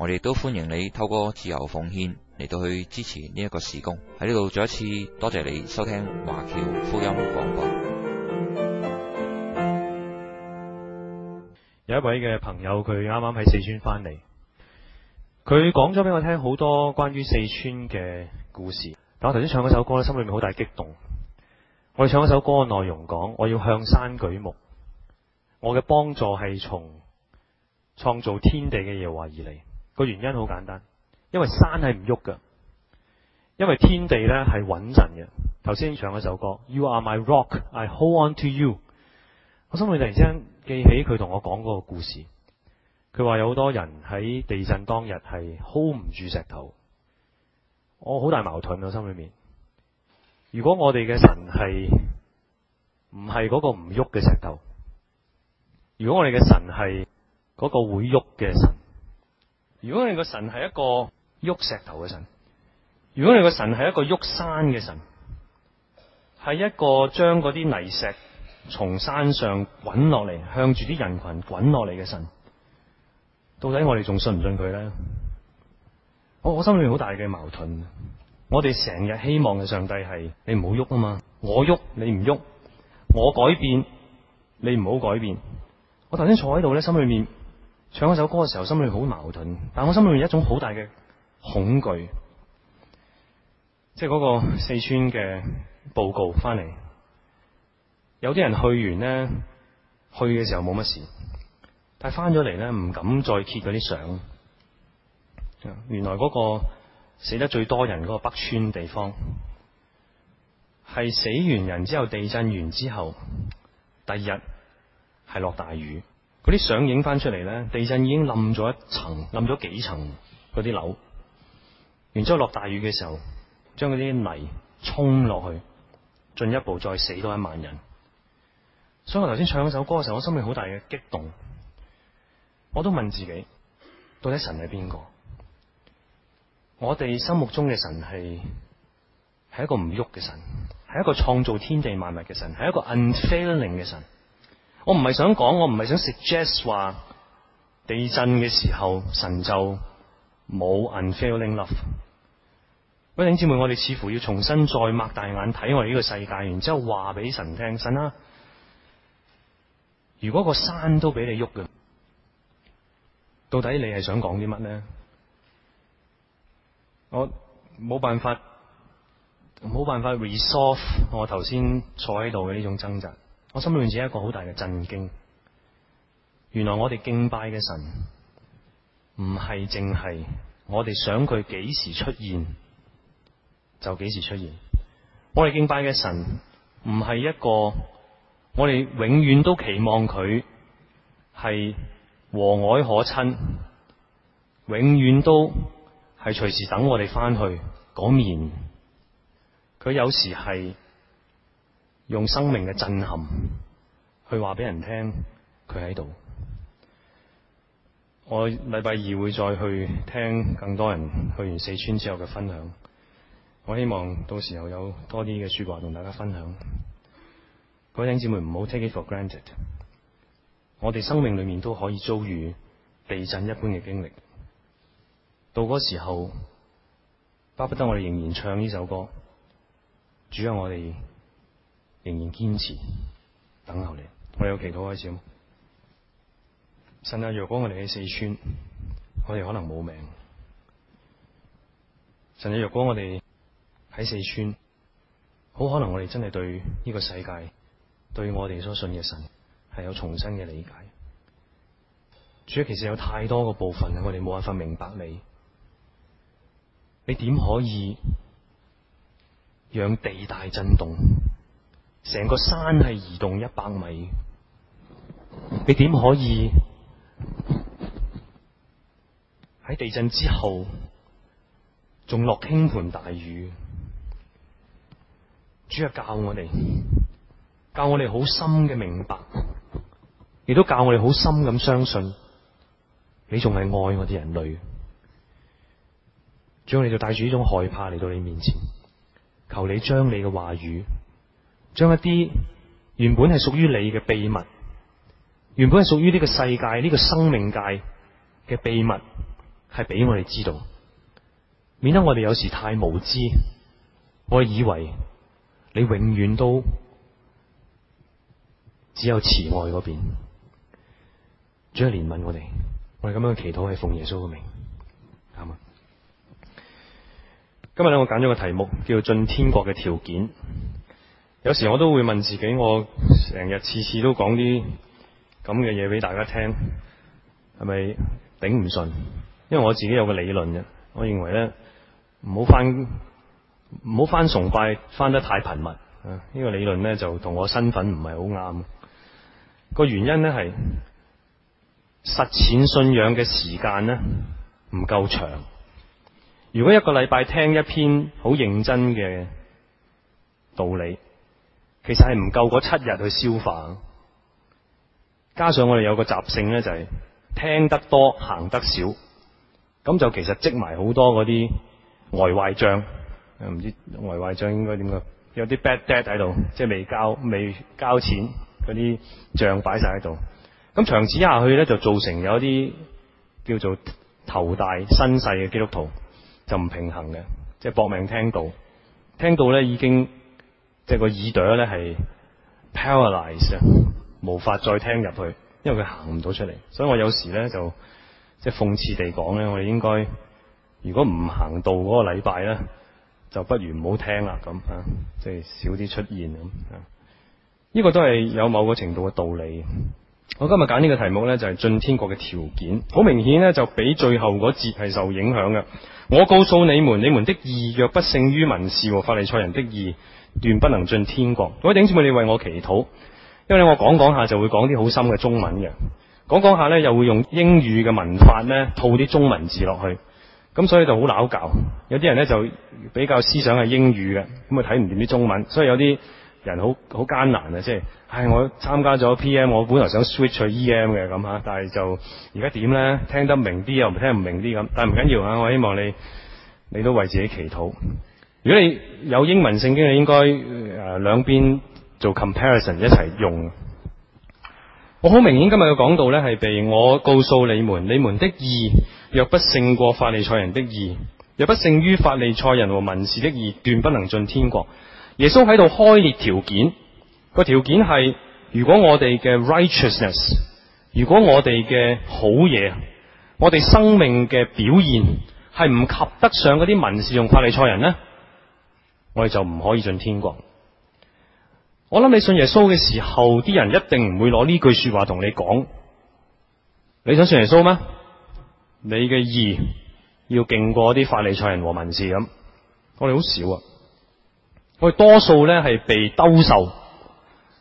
我哋都歡迎你透過自由奉獻嚟到去支持呢一個事工。喺呢度再一次多謝你收聽華僑福音廣播。有一位嘅朋友，佢啱啱喺四川翻嚟，佢講咗俾我聽好多關於四川嘅故事。但我頭先唱嗰首歌咧，心裏面好大激動。我哋唱嗰首歌嘅內容講，我要向山舉目，我嘅幫助係從創造天地嘅耶和華而嚟。個原因好簡單，因為山係唔喐噶，因為天地咧係穩陣嘅。頭先唱一首歌，You Are My Rock，I Hold On To You。我心裏突然間記起佢同我講個故事，佢話有好多人喺地震當日係 hold 唔住石頭。我好大矛盾，我心裏面。如果我哋嘅神係唔係個唔喐嘅石頭，如果我哋嘅神係個會喐嘅神。如果你個神係一個喐石頭嘅神，如果你個神係一個喐山嘅神，係一個將嗰啲泥石從山上滾落嚟，向住啲人群滾落嚟嘅神，到底我哋仲信唔信佢呢？我我心裏面好大嘅矛盾。我哋成日希望嘅上帝係你唔好喐啊嘛，我喐你唔喐，我改變你唔好改變。我頭先坐喺度呢，心裏面。唱嗰首歌嘅時候，心裏好矛盾，但我心裏邊有一種好大嘅恐懼，即係個四川嘅報告翻嚟，有啲人去完咧，去嘅時候冇乜事，但係翻咗嚟咧唔敢再揭啲相。原來個死得最多人個北川地方，係死完人之後地震完之後，第二日係落大雨。嗰啲相影翻出嚟咧，地震已經冧咗一層，冧咗幾層嗰啲樓，然之後落大雨嘅時候，將嗰啲泥沖落去，進一步再死多一萬人。所以，我頭先唱嗰首歌嘅時候，我心裏好大嘅激動。我都問自己，到底神係邊個？我哋心目中嘅神係係一個唔喐嘅神，係一個創造天地萬物嘅神，係一個 unfailing 嘅神。我唔係想講，我唔係想 suggest 話地震嘅時候神就冇 unfailing love。各位弟兄姊妹，我哋似乎要重新再擘大眼睇我哋呢個世界，然之後話俾神聽，神啊，如果個山都俾你喐嘅，到底你係想講啲乜呢？我冇辦法，冇辦法 resolve 我頭先坐喺度嘅呢種掙扎。我心裏面只係一個好大嘅震驚。原來我哋敬拜嘅神唔係淨係我哋想佢幾時出現就幾時出現。我哋敬拜嘅神唔係一個我哋永遠都期望佢係和藹可親，永遠都係隨時等我哋翻去嗰面。佢有時係。用生命嘅震撼去話俾人聽佢喺度。我禮拜二會再去聽更多人去完四川之後嘅分享。我希望到時候有多啲嘅說話同大家分享。各位弟兄姊妹唔好 take it for granted。我哋生命裏面都可以遭遇地震一般嘅經歷。到嗰時候，巴不得我哋仍然唱呢首歌。主啊，我哋。仍然堅持等候你。我哋有祈禱開始。神啊，若果我哋喺四川，我哋可能冇命。神啊，若果我哋喺四川，好可能我哋真係對呢個世界，對我哋所信嘅神，係有重新嘅理解。主，其實有太多嘅部分，我哋冇辦法明白你。你點可以讓地大震動？成個山係移動一百米，你點可以喺地震之後仲落傾盆大雨？主啊，教我哋，教我哋好深嘅明白，亦都教我哋好深咁相信，你仲係愛我哋人類。主，我哋就帶住呢種害怕嚟到你面前，求你將你嘅話語。將一啲原本係屬於你嘅秘密，原本係屬於呢個世界、呢個生命界嘅秘密，係俾我哋知道，免得我哋有時太無知，我以為你永遠都只有慈愛嗰邊，只有憐憫我哋。我哋咁樣祈禱喺奉耶穌嘅名。好嘛？今日咧，我揀咗個題目叫做「進天國嘅條件」。有時我都會問自己，我成日次次都講啲咁嘅嘢俾大家聽，係咪頂唔順？因為我自己有個理論嘅，我認為咧，唔好翻，唔好翻崇拜翻得太頻密。啊，呢個理論咧就同我身份唔係好啱。個原因咧係實踐信仰嘅時間咧唔夠長。如果一個禮拜聽一篇好認真嘅道理。其實係唔夠嗰七日去消化，加上我哋有個習性咧，就係聽得多行得少，咁就其實積埋好多嗰啲外壞賬，唔知外壞賬應該點解。有啲 bad debt 喺度，即係未交未交錢嗰啲賬擺晒喺度。咁長此下去咧，就造成有啲叫做頭大身細嘅基督徒，就唔平衡嘅，即係搏命聽道，聽道咧已經。即係個耳朵咧係 paralyzed 啊，無法再聽入去，因為佢行唔到出嚟。所以我有時咧就即係諷刺地講咧，我哋應該如果唔行道嗰個禮拜咧，就不如唔好聽啦咁啊，即係少啲出現咁。呢個都係有某個程度嘅道理。我今日揀呢個題目咧，就係、是、進天國嘅條件。好明顯咧，就俾最後嗰節係受影響嘅。我告訴你們，你們的義若不勝於文士和法利賽人的義，斷不能進天國。如果頂住你為我祈禱，因為咧我講講下就會講啲好深嘅中文嘅，講講下呢，又會用英語嘅文法呢套啲中文字落去，咁所以就好拗撬。有啲人呢就比較思想係英語嘅，咁啊睇唔掂啲中文，所以有啲人好好艱難啊！即係，唉，我參加咗 P.M.，我本來想 switch 去 E.M. 嘅咁吓，但係就而家點呢？聽得明啲又唔聽唔明啲咁，但係唔緊要啊！我希望你你都為自己祈禱。如果你有英文聖經，你應該誒兩邊做 comparison 一齊用。我好明顯今日嘅講道咧係被我告訴你們：你們的義若不勝過法利賽人的義，若不勝於法利賽人和文士的義，斷不能進天國。耶穌喺度開列條件，個條件係：如果我哋嘅 righteousness，如果我哋嘅好嘢，我哋生命嘅表現係唔及得上啲文士同法利賽人咧，我哋就唔可以進天國。我諗你信耶穌嘅時候，啲人一定唔會攞呢句說話同你講。你想信耶穌咩？你嘅義要勁過啲法利賽人和文士。咁。我哋好少啊。我哋多數咧係被兜售，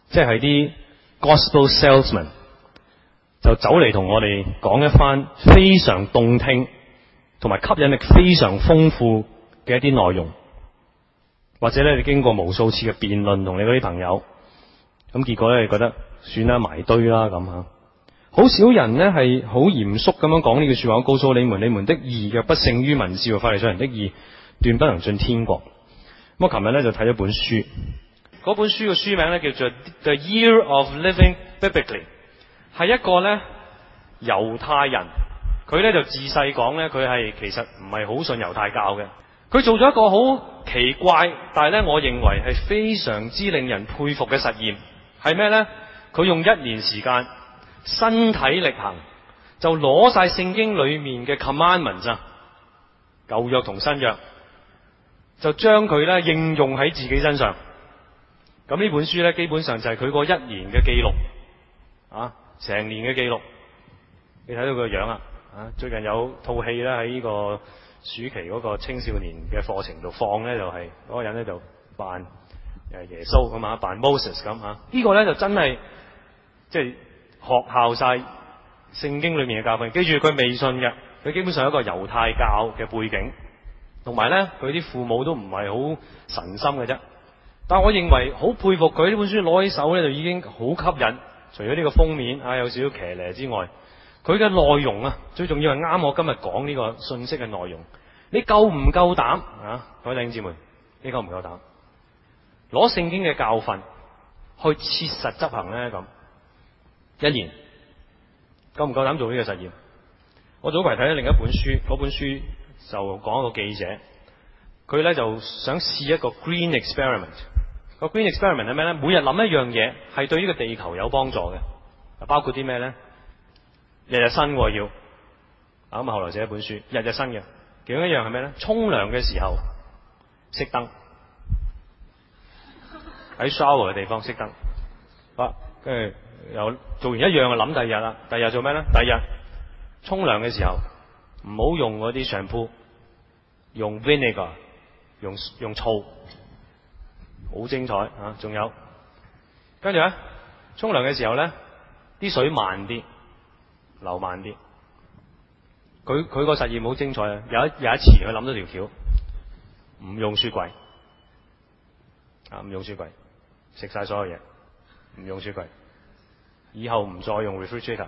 即係啲 gospel salesman 就走嚟同我哋講一番非常動聽，同埋吸引力非常豐富嘅一啲內容。或者咧，你經過無數次嘅辯論，同你嗰啲朋友，咁結果咧，你覺得算啦，埋堆啦咁吓。好少人咧，係好嚴肅咁樣講呢句說話。我告訴你們，你們的義若不勝於文士，法利賽人的義，斷不能進天國。咁我琴日咧就睇咗本書，嗰本書嘅書名咧叫做《The Year of Living Biblically》，係一個咧猶太人，佢咧就自細講咧，佢係其實唔係好信猶太教嘅。佢做咗一個好奇怪，但係咧我認為係非常之令人佩服嘅實驗，係咩咧？佢用一年時間身體力行，就攞晒聖經裏面嘅 commandments 啊，舊約同新約，就將佢咧應用喺自己身上。咁呢本書咧，基本上就係佢個一年嘅記錄，啊，成年嘅記錄。你睇到佢個樣啊？啊，最近有套戲咧喺呢個暑期個青少年嘅課程度放咧，這個，就係個人咧就扮誒耶穌咁啊，扮 Moses 咁吓，呢個咧就真係即係學效曬聖經裏面嘅教訓，記住佢未信嘅，佢基本上一個猶太教嘅背景，同埋咧佢啲父母都唔係好神心嘅啫。但我認為好佩服佢呢本書攞起手咧就已經好吸引，除咗呢個封面啊有少少騎呢之外。佢嘅內容啊，最重要係啱我今日講呢個信息嘅內容。你夠唔夠膽啊，各位弟兄姊妹？你夠唔夠膽，攞聖經嘅教訓去切實執行咧。咁，一言夠唔夠膽做呢個實驗？我早排睇咗另一本書，嗰本書就講一個記者，佢咧就想試一個 Green Experiment。個 Green Experiment 係咩咧？每日諗一樣嘢係對呢個地球有幫助嘅，包括啲咩咧？日日新要，咁、啊、後來寫一本書，日日新嘅。其中一樣係咩咧？沖涼嘅時候熄燈，喺 shower 嘅地方熄燈。啊，跟住又做完一樣，嘅諗第二日啦。第二日做咩咧？第二日沖涼嘅時候唔好用嗰啲 shampoo，用 vinegar，用用醋，好精彩啊！仲有，跟住咧，沖涼嘅時候咧，啲水慢啲。流慢啲，佢佢個實驗好精彩啊！有一有一次佢諗咗條橋，唔用雪櫃，啊、唔用雪櫃，食晒所有嘢，唔用雪櫃，以後唔再用 refrigerator，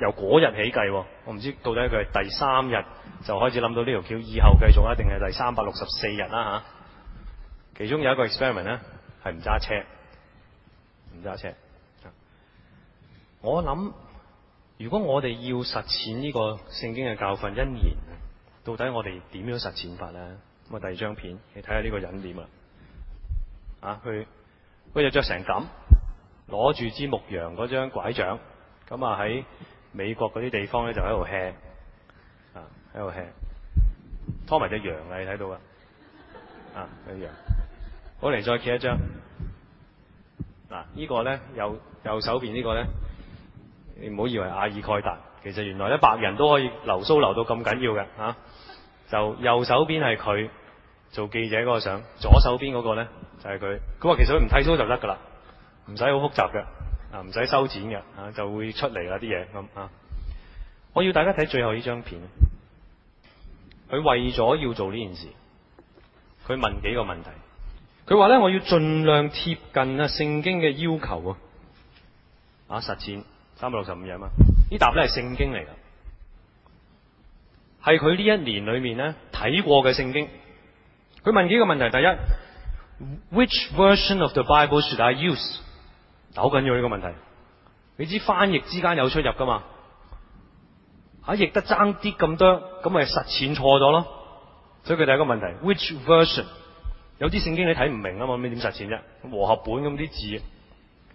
由嗰日起計、啊，我唔知到底佢係第三日就開始諗到呢條橋，以後繼續一啊，定係第三百六十四日啦吓。其中有一個 experiment 咧、啊、係唔揸車，唔揸車，我諗。如果我哋要實踐呢個聖經嘅教訓，因然到底我哋點樣實踐法咧？咁啊，第二張片，你睇下呢個人點啊，啊，佢佢就着成咁，攞住支牧羊嗰張拐杖，咁啊喺美國嗰啲地方咧就喺度 hea 啊喺度 hea 拖埋隻羊啊，你睇到啊，啊，隻羊、啊、羊，好嚟再企一張，嗱、啊，這個、呢個咧右右手邊呢個咧。你唔好以為阿爾蓋達，其實原來咧白人都可以留鬚留到咁緊要嘅啊！就右手邊係佢做記者嗰個相，左手邊嗰個咧就係佢。佢話其實佢唔剃鬚就得噶啦，唔使好複雜嘅啊，唔使修剪嘅啊，就會出嚟啦啲嘢咁啊！我要大家睇最後呢張片，佢為咗要做呢件事，佢問幾個問題。佢話咧，我要盡量貼近啊聖經嘅要求啊實踐。三百六十五日啊嘛？呢沓都係聖經嚟噶，係佢呢一年裏面咧睇過嘅聖經。佢問幾個問題：第一，Which version of the Bible should I use？好緊要呢個問題。你知翻譯之間有出入噶嘛？嚇、啊，譯得爭啲咁多，咁咪實踐錯咗咯。所以佢第一個問題，Which version？有啲聖經你睇唔明啊嘛，你點實踐啫？和合本咁啲字。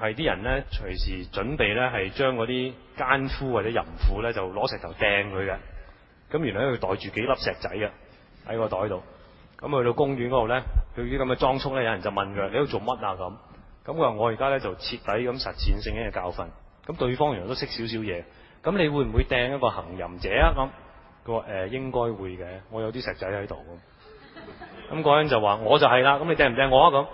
係啲人咧，隨時準備咧，係將嗰啲奸夫或者淫婦咧，就攞石頭掟佢嘅。咁原來佢袋住幾粒石仔嘅喺個袋度。咁去到公園嗰度咧，對啲咁嘅裝束咧，有人就問佢：，你喺度做乜啊？咁咁佢話：我而家咧就徹底咁實踐聖經嘅教訓。咁對方原來都識少少嘢。咁你會唔會掟一個行淫者啊？咁佢話：誒、呃，應該會嘅，我有啲石仔喺度。咁、那、嗰、個、人就話：我就係啦，咁你掟唔掟我啊？咁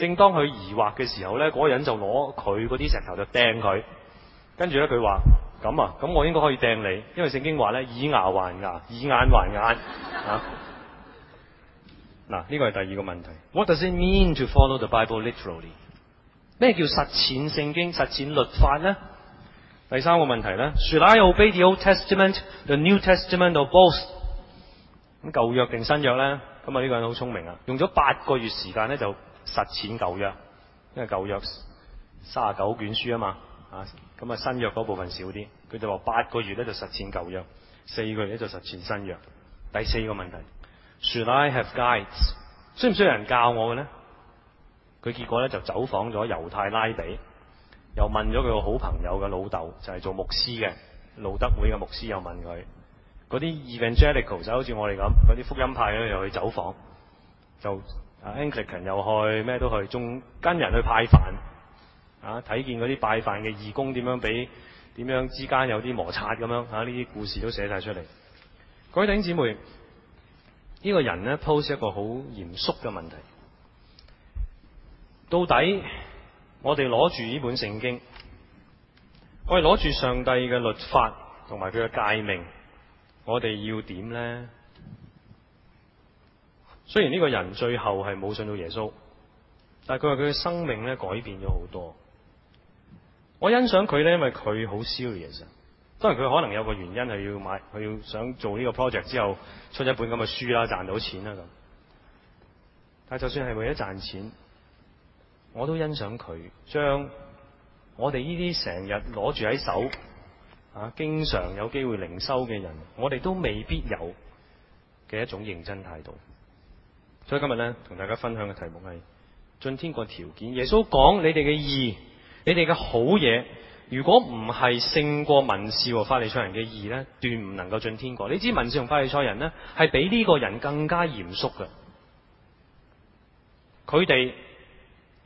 正當佢疑惑嘅時候咧，嗰個人就攞佢嗰啲石頭就掟佢，跟住咧佢話：咁啊，咁我應該可以掟你，因為聖經話咧以牙還牙，以眼還眼。啊，嗱、 啊，呢個係第二個問題。What does it mean to follow the Bible literally？咩叫實踐聖經、實踐律法咧？第三個問題咧，Should I obey the Old Testament, the New Testament or both？咁舊約定新約咧？咁啊，呢個人好聰明啊，用咗八個月時間咧就。實踐舊約，因為舊約三十九卷書啊嘛，啊咁啊新約嗰部分少啲，佢就話八個月咧就實踐舊約，四個月咧就實踐新約。第四個問題，Should I have guides？需唔需要人教我嘅咧？佢結果咧就走訪咗猶太拉比，又問咗佢個好朋友嘅老豆，就係做牧師嘅路德會嘅牧師，又問佢嗰啲 evangelical，就好似我哋咁，嗰啲福音派咧又去走訪，就。啊，Anglican 又去，咩都去，仲跟人去派飯，啊，睇見嗰啲派飯嘅義工點樣俾點樣之間有啲摩擦咁樣，啊，呢啲故事都寫晒出嚟。各位弟兄姊妹，呢、這個人咧 pose 一個好嚴肅嘅問題，到底我哋攞住呢本聖經，我哋攞住上帝嘅律法同埋佢嘅誡命，我哋要點咧？雖然呢個人最後係冇信到耶穌，但係佢話佢嘅生命咧改變咗好多。我欣賞佢咧，因為佢好 serious。當然佢可能有個原因係要買，佢要想做呢個 project 之後出一本咁嘅書啦，賺到錢啦咁。但係就算係為咗賺錢，我都欣賞佢將我哋呢啲成日攞住喺手啊，經常有機會靈修嘅人，我哋都未必有嘅一種認真態度。所以今日咧，同大家分享嘅題目係進天國條件。耶穌講，你哋嘅義，你哋嘅好嘢，如果唔係勝過文士和法利賽人嘅義咧，斷唔能夠進天國。你知文士同法利賽人咧，係比呢個人更加嚴肅嘅。佢哋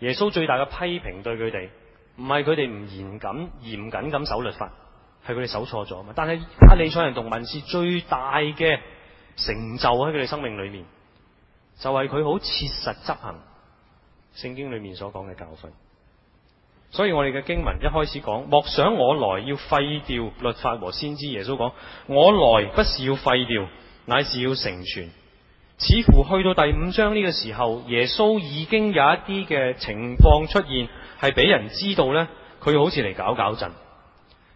耶穌最大嘅批評對佢哋，唔係佢哋唔嚴謹、嚴謹咁守律法，係佢哋守錯咗啊嘛。但係法利賽人同文士最大嘅成就喺佢哋生命裏面。就係佢好切實執行聖經裏面所講嘅教訓，所以我哋嘅經文一開始講，莫想我來要廢掉律法和先知耶穌。耶穌講，我來不是要廢掉，乃是要成全。似乎去到第五章呢個時候，耶穌已經有一啲嘅情況出現，係俾人知道呢，佢好似嚟搞搞震，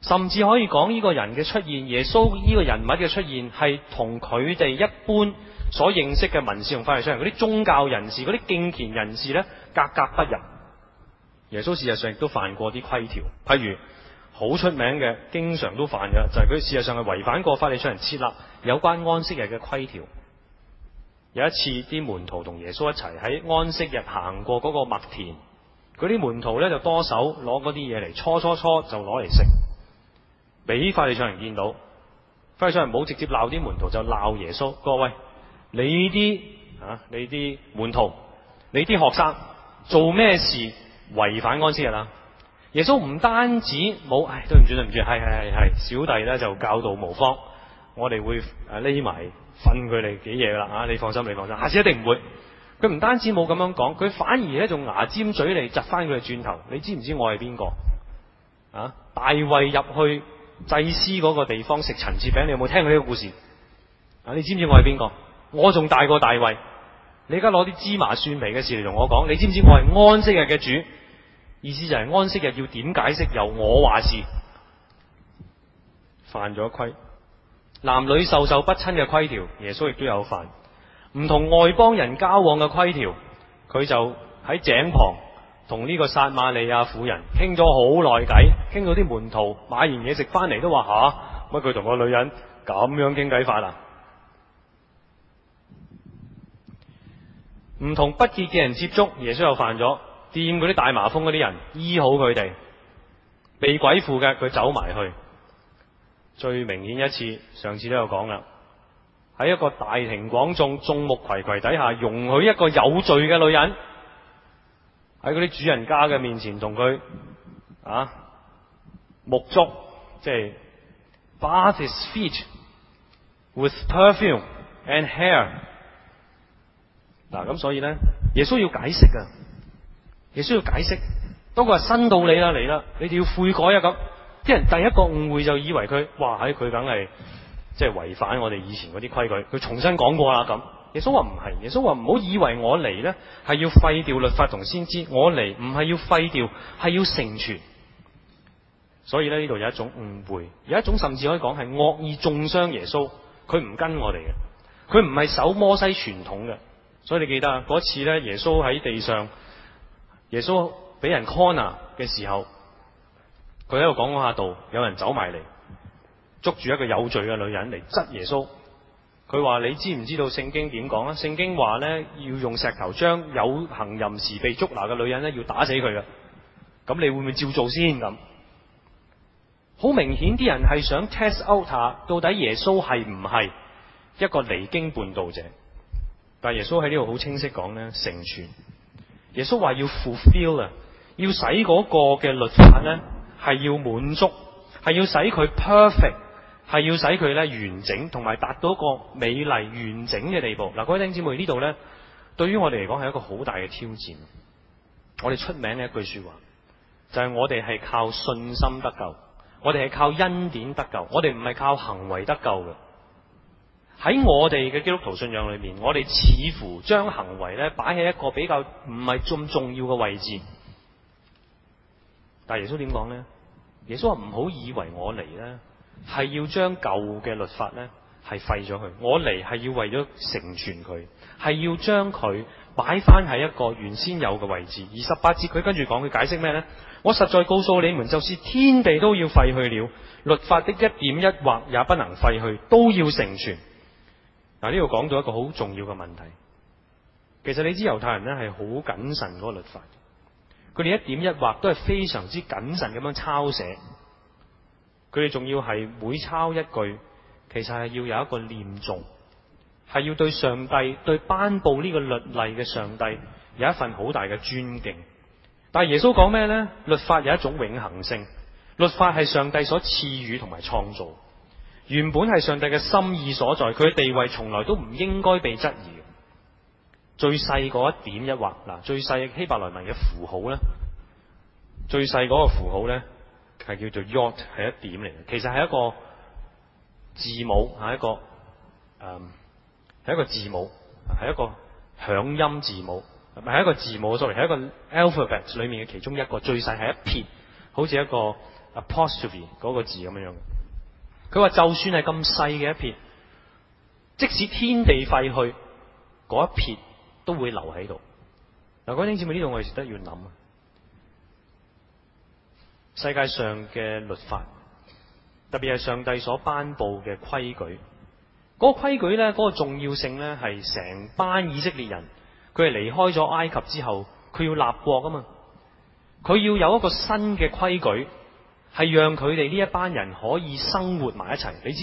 甚至可以講，呢個人嘅出現，耶穌呢個人物嘅出現係同佢哋一般。所認識嘅文士同法利賽人，嗰啲宗教人士、嗰啲敬虔人士咧，格格不入。耶穌事實上亦都犯過啲規條，譬如好出名嘅，經常都犯嘅，就係、是、佢事實上係違反過法利賽人設立有關安息日嘅規條。有一次，啲門徒同耶穌一齊喺安息日行過嗰個麥田，嗰啲門徒咧就多手攞嗰啲嘢嚟搓搓搓就攞嚟食，俾法利賽人見到，法利賽人唔好直接鬧啲門徒，就鬧耶穌。各位。你啲吓、啊，你啲門徒，你啲學生做咩事違反安息日啊？耶穌唔單止冇，唉，對唔住對唔住，係係係係，小弟咧就教導無方，我哋會誒匿埋訓佢哋幾嘢啦，吓，你放心你放心，下次一定唔會。佢唔單止冇咁樣講，佢反而咧仲牙尖嘴利窒翻佢哋轉頭。你知唔知我係邊個？啊，大衛入去祭司個地方食陳設餅，你有冇聽過呢個故事？啊，你知唔知我係邊個？我仲大過大衛，你而家攞啲芝麻蒜皮嘅事嚟同我講，你知唔知我係安息日嘅主？意思就係安息日要點解釋由我話事。犯咗規，男女授受不親嘅規條，耶穌亦都有犯。唔同外邦人交往嘅規條，佢就喺井旁同呢個撒瑪利亞婦人傾咗好耐偈，傾到啲門徒買完嘢食返嚟都話吓乜佢同個女人咁樣傾偈法啊？唔同不潔嘅人接觸，耶穌又犯咗。掂嗰啲大麻風嗰啲人，醫好佢哋。被鬼附嘅，佢走埋去。最明顯一次，上次都有講啦。喺一個大庭廣眾、眾目睽睽底下，容許一個有罪嘅女人喺嗰啲主人家嘅面前同佢啊沐足，即係 bathe feet with perfume and hair。嗱咁、啊、所以咧，耶穌要解釋啊。耶穌要解釋，當佢話新道理啦嚟啦，你哋要悔改啊咁，啲人第一個誤會就以為佢，哇，喺佢梗係即係違反我哋以前嗰啲規矩，佢重新講過啦咁。耶穌話唔係，耶穌話唔好以為我嚟咧係要廢掉律法同先知，我嚟唔係要廢掉，係要成全。所以咧呢度有一種誤會，有一種甚至可以講係惡意中傷耶穌，佢唔跟我哋嘅，佢唔係守摩西傳統嘅。所以你記得嗰次咧，耶穌喺地上，耶穌俾人 corner 嘅時候，佢喺度講嗰下道，有人走埋嚟捉住一個有罪嘅女人嚟質耶穌。佢話：你知唔知道聖經點講啊？聖經話咧要用石頭將有行淫時被捉拿嘅女人咧要打死佢啊。咁你會唔會照做先咁？好明顯啲人係想 test out 下，到底耶穌係唔係一個離經叛道者？但耶穌喺呢度好清晰講咧，成全耶穌話要 fulfill 啊，要使嗰個嘅律法咧係要滿足，係要使佢 perfect，係要使佢咧完整，同埋達到一個美麗完整嘅地步。嗱、啊，各位弟兄姊妹，呢度咧對於我哋嚟講係一個好大嘅挑戰。我哋出名嘅一句說話就係、是、我哋係靠信心得救，我哋係靠恩典得救，我哋唔係靠行為得救嘅。喺我哋嘅基督徒信仰裏面，我哋似乎將行為咧擺喺一個比較唔係咁重要嘅位置。但耶穌點講咧？耶穌話唔好以為我嚟咧，係要將舊嘅律法咧係廢咗佢。我嚟係要為咗成全佢，係要將佢擺翻喺一個原先有嘅位置。而十八節佢跟住講佢解釋咩咧？我實在告訴你們，就是天地都要廢去了，律法的一點一畫也不能廢去，都要成全。嗱，呢度講到一個好重要嘅問題，其實你知猶太人咧係好謹慎嗰個律法，佢哋一點一畫都係非常之謹慎咁樣抄寫，佢哋仲要係每抄一句，其實係要有一個念重，係要對上帝對頒布呢個律例嘅上帝有一份好大嘅尊敬。但係耶穌講咩呢？「律法有一種永恒性，律法係上帝所賜予同埋創造。原本係上帝嘅心意所在，佢嘅地位從來都唔應該被質疑。最細一點一劃，嗱，最細希伯來文嘅符號咧，最細個符號咧係叫做 Yot 係一點嚟嘅。其實係一個字母，係一個誒係、嗯、一個字母，係一個響音字母，係一個字母 sorry 係一個 alphabet 裏面嘅其中一個，最細係一撇，好似一個 apostrophe 嗰字咁樣樣。佢話就算係咁細嘅一撇，即使天地廢去，嗰一撇都會留喺度。嗱，國興前輩呢度，我哋值得要諗啊！世界上嘅律法，特別係上帝所頒布嘅規矩，嗰、嗰個規矩咧，嗰、嗰個重要性咧，係成班以色列人佢係離開咗埃及之後，佢要立國啊嘛，佢要有一個新嘅規矩。係讓佢哋呢一班人可以生活埋一齊。你知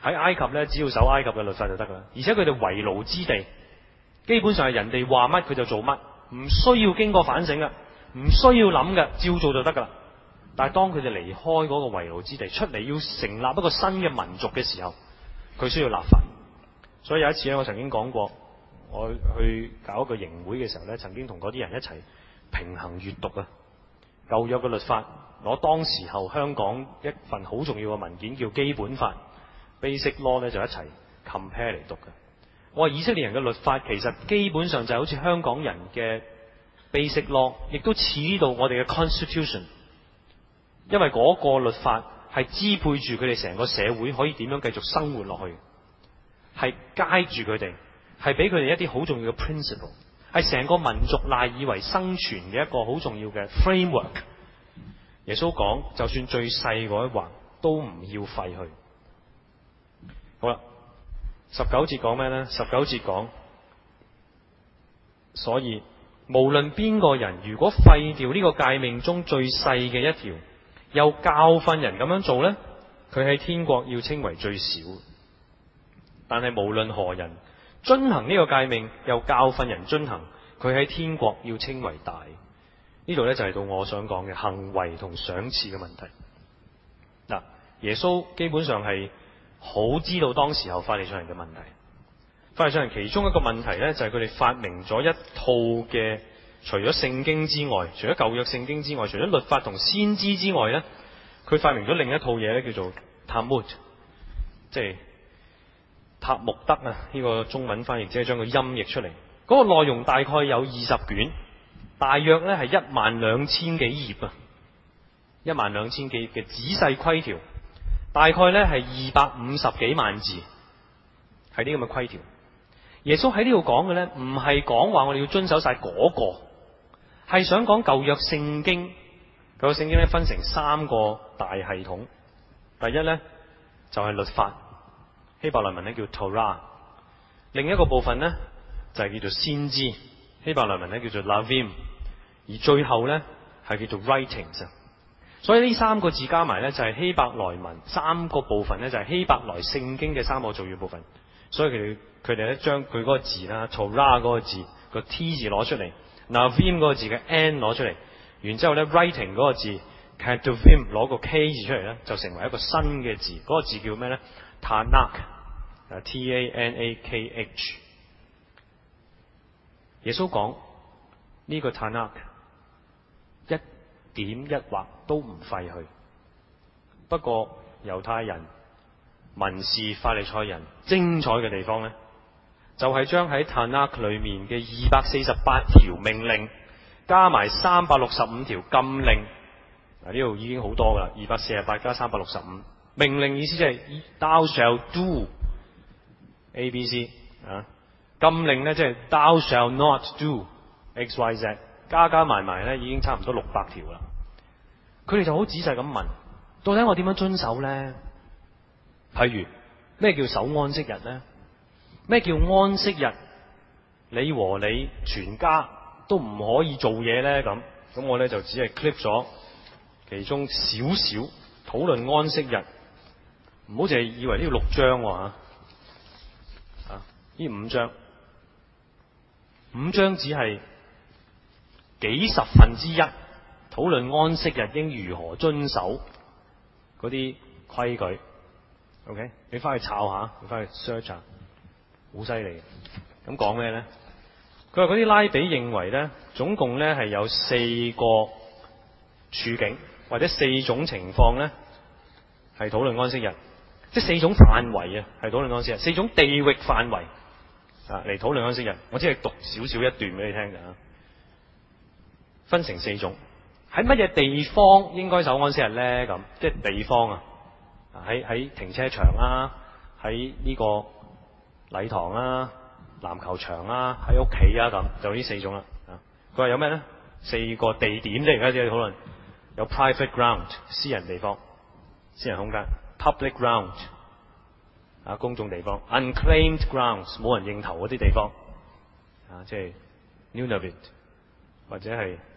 喺埃及呢，只要守埃及嘅律法就得噶啦。而且佢哋為奴之地，基本上係人哋話乜佢就做乜，唔需要經過反省噶，唔需要諗噶，照做就得噶啦。但係當佢哋離開嗰個為奴之地，出嚟要成立一個新嘅民族嘅時候，佢需要立法。所以有一次咧，我曾經講過，我去搞一個營會嘅時候呢，曾經同嗰啲人一齊平衡閱讀啊舊約嘅律法。攞當時候香港一份好重要嘅文件叫《基本法》（Basic Law） 咧，就一齊 compare 嚟讀嘅。我話以色列人嘅律法其實基本上就係好似香港人嘅 Basic Law，亦都似到我哋嘅 Constitution，因為嗰個律法係支配住佢哋成個社會可以點樣繼續生活落去，係 guide 住佢哋，係俾佢哋一啲好重要嘅 principle，係成個民族賴以為生存嘅一個好重要嘅 framework。耶穌講，就算最細嗰一環都唔要廢去。好啦，十九節講咩呢？十九節講，所以無論邊個人，如果廢掉呢個誡命中最細嘅一條，又教訓人咁樣做呢，佢喺天國要稱為最小。但係無論何人遵行呢個誡命，又教訓人遵行，佢喺天國要稱為大。呢度呢就係到我想講嘅行為同賞賜嘅問題。嗱，耶穌基本上係好知道當時候法利賽人嘅問題。法利賽人其中一個問題呢，就係佢哋發明咗一套嘅，除咗聖經之外，除咗舊約聖經之外，除咗律法同先知之外呢，佢發明咗另一套嘢咧叫做塔木，即係塔木德啊！呢個中文翻譯即係將個音譯出嚟。嗰個內容大概有二十卷。大約咧係一萬兩千幾頁啊，一萬兩千幾頁嘅仔細規條，大概咧係二百五十幾萬字，係呢咁嘅規條。耶穌喺呢度講嘅咧，唔係講話我哋要遵守晒嗰個，係想講舊約聖經。舊約聖經咧分成三個大系統，第一咧就係律法，希伯來文咧叫 Torah，另一個部分咧就係叫做先知，希伯來文咧叫做 Nevi'im 而最後咧係叫做 writing 啊，所以呢三個字加埋咧就係、是、希伯來文三個部分咧就係、是、希伯來聖經嘅三個重要部分。所以佢佢哋咧將佢嗰個字啦，Torah 嗰個字個 T 字攞、那個、出嚟，Nevi'im 嗰個字嘅 N 攞出嚟，然之後咧 writing 嗰個字，Ketuvim n 攞個 K 字出嚟咧，就成為一個新嘅字。嗰、那個字叫咩咧、啊、Tanakh 啊，T-A-N-A-K-H。耶穌講呢個 Tanakh 點一劃都唔廢去。不過猶太人、文士、法利賽人精彩嘅地方呢，就係將喺 Tanakh 裏面嘅二百四十八條命令，加埋三百六十五條禁令，呢、啊、度已經好多噶啦，二百四十八加三百六十五。5, 命令意思就係、是、Thou shall do A B C 啊，禁令呢，即、就、係、是、Thou shall not do X Y Z。加加埋埋咧，已經差唔多六百條啦。佢哋就好仔細咁問，到底我點樣遵守咧？譬如咩叫守安息日咧？咩叫安息日？你和你全家都唔可以做嘢咧？咁咁，我咧就只係 clip 咗其中少少討論安息日。唔好淨係以為呢六章吓、啊，啊呢五章，五章只係。幾十分之一，討論安息日應如何遵守嗰啲規矩。OK，你翻去抄下，你翻去 search 下，好犀利。咁講咩咧？佢話嗰啲拉比認為咧，總共咧係有四個處境或者四種情況咧，係討論安息日，即係四種範圍啊，係討論安息日，四種地域範圍啊嚟討論安息日。我只係讀少少一段俾你聽噶。分成四種，喺乜嘢地方應該守安息日咧？咁即係地方啊，喺喺停車場啊，喺呢個禮堂啊，籃球場啊，喺屋企啊咁，就呢四種啦，啊。佢話有咩咧？四個地點啫，而家只係討論有 private ground 私人地方，私人空間，public ground 啊公眾地方，unclaimed grounds 冇人認頭嗰啲地方啊，即係 u n a v o i t 或者係。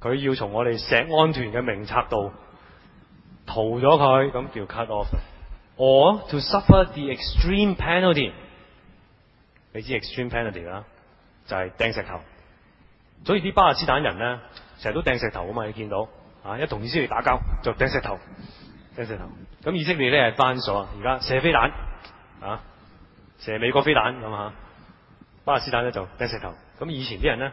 佢要從我哋石安團嘅名冊度逃咗佢，咁叫 cut off。Or to suffer the extreme penalty。你知 extreme penalty 啦，就係掟石頭。所以啲巴勒斯坦人咧，成日都掟石頭啊嘛，你見到啊一同以色列打交就掟石頭，掟石頭。咁以色列咧係反鎖，而家射飛彈啊，射美國飛彈咁嚇。巴勒斯坦咧就掟石頭。咁以前啲人咧。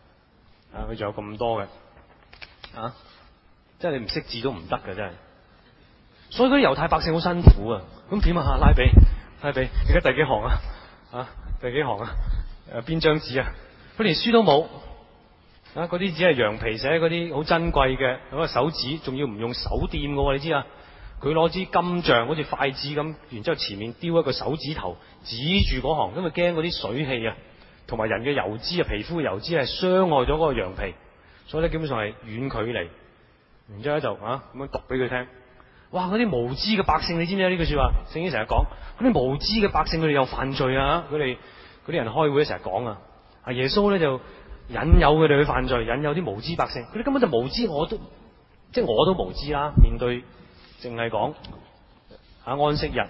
啊！佢仲有咁多嘅，啊！即係你唔識字都唔得嘅，真係。所以嗰啲猶太百姓好辛苦啊。咁點啊？拉比，拉比，而家第幾行啊？啊，第幾行啊？誒，邊張紙啊？佢、啊、連書都冇啊！嗰啲紙係羊皮寫，嗰啲好珍貴嘅。咁啊，手指仲要唔用手掂嘅，你知啊？佢攞支金杖好似、那個、筷子咁，然之後前面雕一個手指頭指住嗰行，因為驚嗰啲水汽啊。同埋人嘅油脂啊，皮膚嘅油脂係傷害咗嗰個羊皮，所以咧基本上係遠距離。然之後咧就啊咁樣讀俾佢聽。哇！嗰啲無知嘅百姓，你知唔知呢句説話，聖經成日講，嗰啲無知嘅百姓佢哋又犯罪啊！佢哋嗰啲人開會成日講啊，耶穌咧就引誘佢哋去犯罪，引誘啲無知百姓。佢哋根本就無知，我都即係、就是、我都無知啦。面對淨係講啊安息人。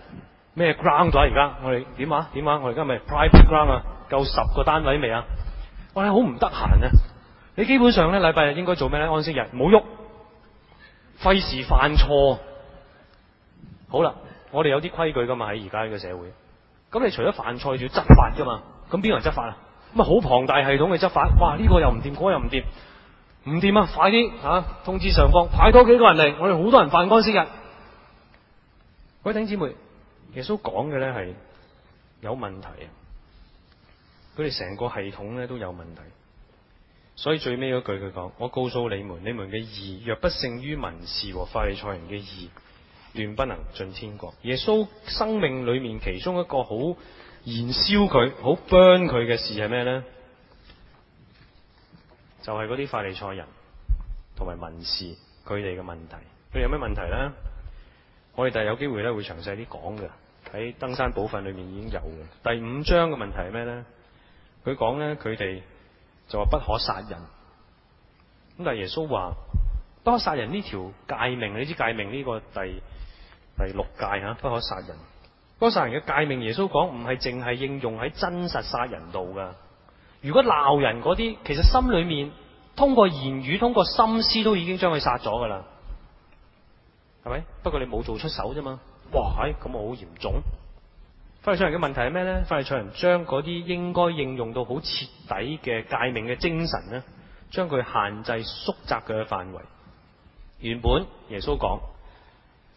咩 ground 咗而家？我哋點啊？點啊？我而家咪 private ground 啊？夠十個單位未啊？哇！好唔得閒啊！你基本上咧禮拜日應該做咩咧？安息日唔好喐，費事犯錯。好啦，我哋有啲規矩噶嘛喺而家呢個社會。咁你除咗犯錯，仲要執法噶嘛？咁邊個人執法啊？咁啊好龐大系統嘅執法。哇！呢個又唔掂，嗰個又唔掂，唔掂啊！快啲啊！通知上方，派多幾個人嚟。我哋好多人犯安息日。各位弟兄姊妹。耶穌講嘅咧，係有問題啊！佢哋成個系統咧都有問題，所以最尾嗰句佢講：我告訴你們，你們嘅義若不勝於文士和法利賽人嘅義，斷不能進天國。耶穌生命裏面其中一個好燃燒佢、好 burn 佢嘅事係咩呢？就係嗰啲法利賽人同埋文士佢哋嘅問題。佢有咩問題呢？我哋第日有機會咧會詳細啲講嘅。喺登山寶訓裏面已經有嘅第五章嘅問題係咩咧？佢講咧，佢哋就話不可殺人。咁但係耶穌話不可殺人呢條誡命，你知誡命呢個第第六誡吓，不可殺人。不可殺人嘅誡命，耶穌講唔係淨係應用喺真實殺人度噶。如果鬧人嗰啲，其實心裏面通過言語、通過心思都已經將佢殺咗噶啦，係咪？不過你冇做出手啫嘛。哇！咁我好嚴重。法利賽人嘅問題係咩呢？法利賽人將嗰啲應該應用到好徹底嘅誡命嘅精神咧，將佢限制縮窄佢嘅範圍。原本耶穌講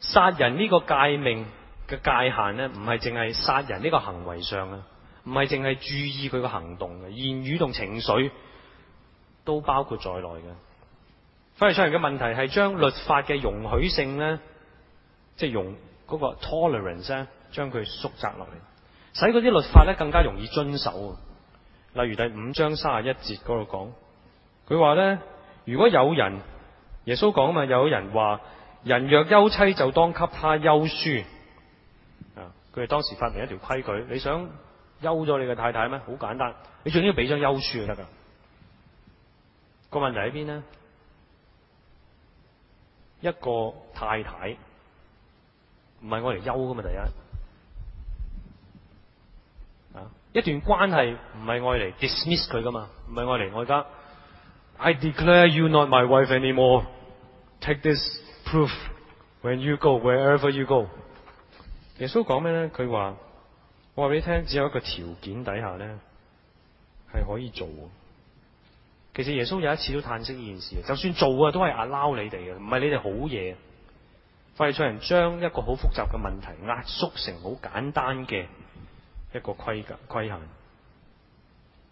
殺人呢個誡命嘅界限呢，唔係淨係殺人呢個行為上啊，唔係淨係注意佢個行動嘅言語同情緒都包括在內嘅。法利賽人嘅問題係將律法嘅容許性呢，即係容。嗰個 tolerance 咧，將佢縮窄落嚟，使嗰啲律法咧更加容易遵守。例如第五章三十一節嗰度講，佢話咧，如果有人，耶穌講啊嘛，有人話，人若休妻就當給他休書。啊，佢哋當時發明一條規矩，你想休咗你嘅太太咩？好簡單，你仲要俾張休書就得噶。個問題喺邊呢？一個太太。唔係愛嚟休噶嘛，第一啊，一段關係唔係愛嚟 dismiss 佢噶嘛，唔係愛嚟我而家，I declare you not my wife anymore. Take this proof when you go wherever you go. 耶穌講咩咧？佢話我話俾你聽，只有一個條件底下咧係可以做。其實耶穌有一次都嘆息呢件事，就算做啊，都係 allow 你哋嘅，唔係你哋好嘢。法利賽人將一個好複雜嘅問題壓縮成好簡單嘅一個規格、規限。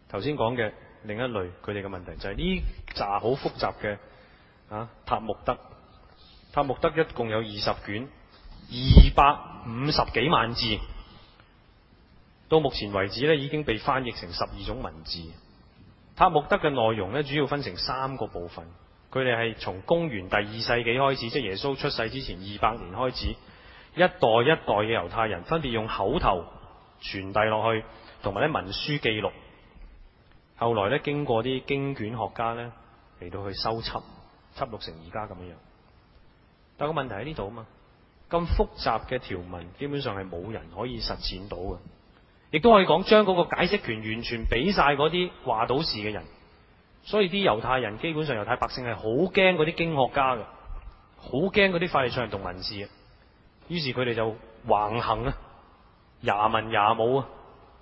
頭先講嘅另一類，佢哋嘅問題就係呢紮好複雜嘅啊塔木德。塔木德一共有二十卷，二百五十幾萬字。到目前為止咧，已經被翻譯成十二種文字。塔木德嘅內容咧，主要分成三個部分。佢哋係從公元第二世紀開始，即係耶穌出世之前二百年開始，一代一代嘅猶太人分別用口頭傳遞落去，同埋咧文書記錄。後來咧經過啲經卷學家咧嚟到去收集、輯錄成而家咁樣樣。但個問題喺呢度啊嘛，咁複雜嘅條文，基本上係冇人可以實踐到嘅，亦都可以講，將嗰個解釋權完全俾晒嗰啲話到事嘅人。所以啲猶太人基本上猶太百姓係好驚嗰啲經學家嘅，好驚嗰啲法律上人同文字嘅，於是佢哋就橫行啊，牙文牙武啊，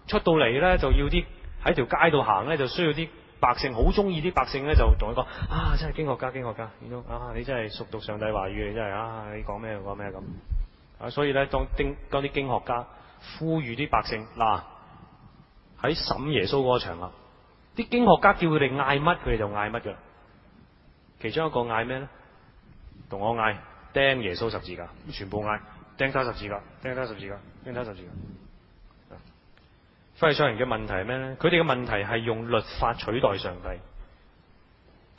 出到嚟咧就要啲喺條街度行咧就需要啲百姓好中意啲百姓咧就同佢講啊，真係經學家經學家，學家 you know, 啊你真係熟讀上帝話語，你真係啊你講咩就講咩咁啊，所以咧當經當啲經學家呼籲啲百姓嗱喺、啊、審耶穌嗰場啦。啲經學家叫佢哋嗌乜，佢哋就嗌乜㗎。其中一個嗌咩咧？同我嗌釘耶穌十字架，全部嗌釘他十字架，釘他十字架，釘他十字架。法利賽人嘅問題係咩咧？佢哋嘅問題係用律法取代上帝。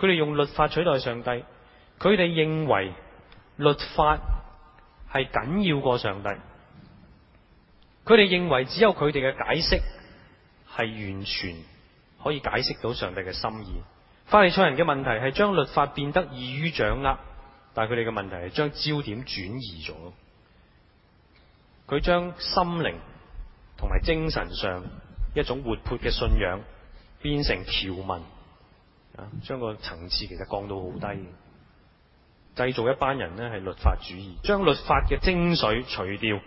佢哋用律法取代上帝，佢哋認為律法係緊要過上帝。佢哋認為只有佢哋嘅解釋係完全。可以解釋到上帝嘅心意。法利賽人嘅問題係將律法變得易於掌握，但係佢哋嘅問題係將焦點轉移咗。佢將心靈同埋精神上一種活潑嘅信仰變成條文，啊，將個層次其實降到好低，製造一班人呢係律法主義，將律法嘅精髓除掉。